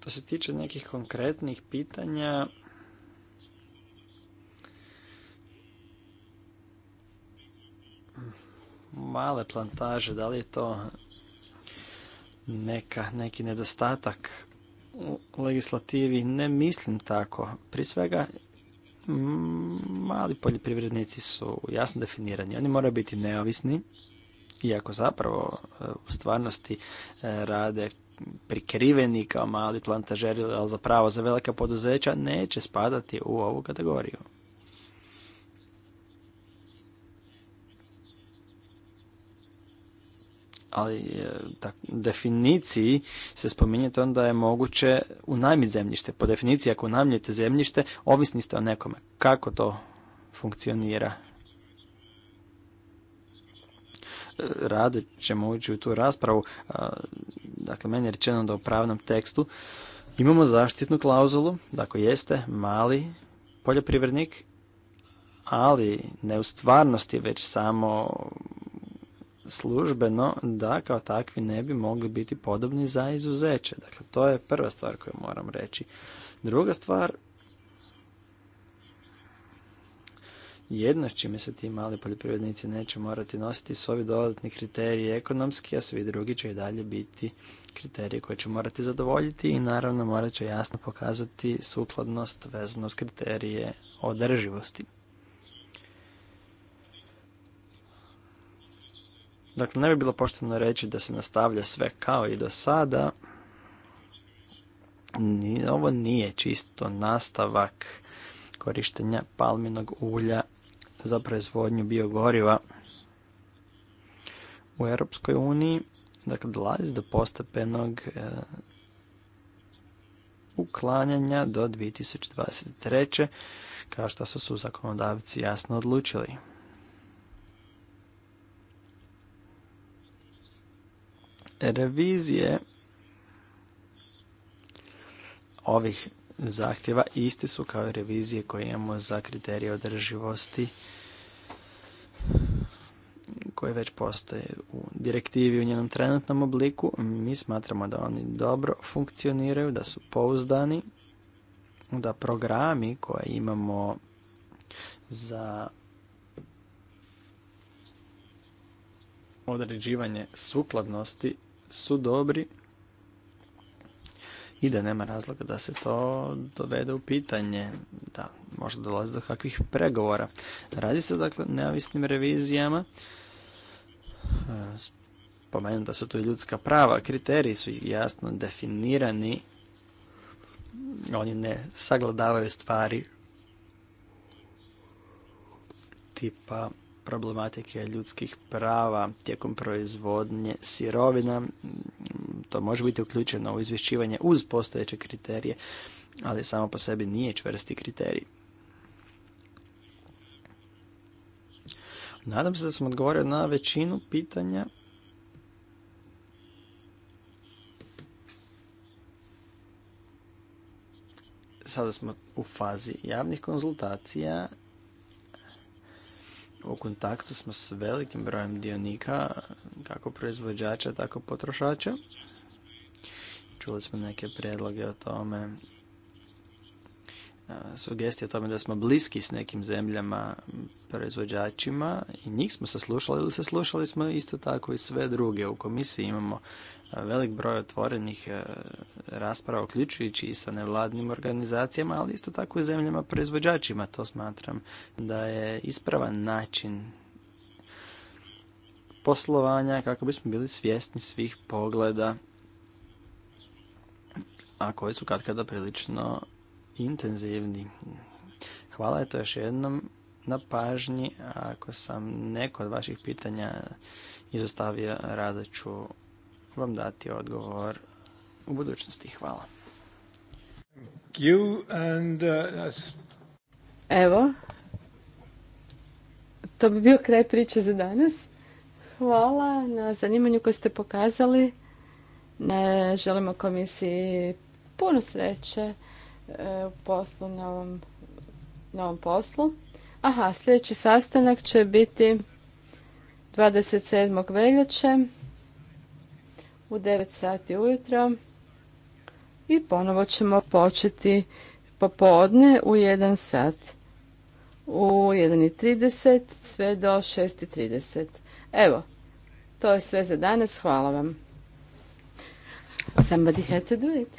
Što se tiče nekih konkretnih pitanja, male plantaže, da li je to neka, neki nedostatak u legislativi? Ne mislim tako. Pri svega, mali poljoprivrednici su jasno definirani. Oni moraju biti neovisni, iako zapravo e, u stvarnosti e, rade prikriveni kao mali plantažeri, ali zapravo za velika poduzeća neće spadati u ovu kategoriju. ali e, tak, definiciji se spominje to da je moguće unajmiti zemljište. Po definiciji ako unajmljete zemljište, ovisni ste o nekome. Kako to funkcionira? rado ćemo ući u tu raspravu. Dakle, meni je rečeno da u pravnom tekstu imamo zaštitnu klauzulu, dakle jeste mali poljoprivrednik, ali ne u stvarnosti, već samo službeno da kao takvi ne bi mogli biti podobni za izuzeće. Dakle, to je prva stvar koju moram reći. Druga stvar, jedno s čime se ti mali poljoprivrednici neće morati nositi su ovi dodatni kriteriji ekonomski, a svi drugi će i dalje biti kriteriji koje će morati zadovoljiti i naravno morat će jasno pokazati sukladnost vezano s kriterije održivosti. Dakle, ne bi bilo pošteno reći da se nastavlja sve kao i do sada. Ovo nije čisto nastavak korištenja palminog ulja za proizvodnju biogoriva u Europskoj uniji, dakle dolazi do postepenog e, uklanjanja do 2023. kao što su su zakonodavci jasno odlučili. Revizije ovih zahtjeva isti su kao revizije koje imamo za kriterije održivosti koje već postoje u direktivi u njenom trenutnom obliku. Mi smatramo da oni dobro funkcioniraju, da su pouzdani, da programi koje imamo za određivanje sukladnosti su dobri i da nema razloga da se to dovede u pitanje, da možda dolazi do kakvih pregovora. Radi se dakle neovisnim revizijama, e, da su tu i ljudska prava, kriteriji su jasno definirani, oni ne sagledavaju stvari tipa problematike ljudskih prava tijekom proizvodnje sirovina, to može biti uključeno u izvješćivanje uz postojeće kriterije, ali samo po sebi nije čvrsti kriterij. Nadam se da sam odgovorio na većinu pitanja. Sada smo u fazi javnih konzultacija. U kontaktu smo s velikim brojem dionika, kako proizvođača, tako potrošača. Čuli smo neke predloge o tome, e, sugestije o tome da smo bliski s nekim zemljama proizvođačima i njih smo saslušali ili saslušali smo isto tako i sve druge. U komisiji imamo e, velik broj otvorenih e, rasprava, uključujući i sa nevladnim organizacijama, ali isto tako i zemljama proizvođačima. To smatram da je ispravan način poslovanja kako bismo bili svjesni svih pogleda a koji su kada prilično intenzivni. Hvala je to još jednom na pažnji. Ako sam neko od vaših pitanja izostavio, rada ću vam dati odgovor u budućnosti. Hvala. Uh, Evo, to bi bio kraj priče za danas. Hvala na zanimanju koje ste pokazali. želimo komisiji puno sreće e, u poslu na ovom, poslu. Aha, sljedeći sastanak će biti 27. veljače u 9 sati ujutro i ponovo ćemo početi popodne u 1 sat u 1.30 sve do 6.30. Evo, to je sve za danas. Hvala vam. Somebody had to do it.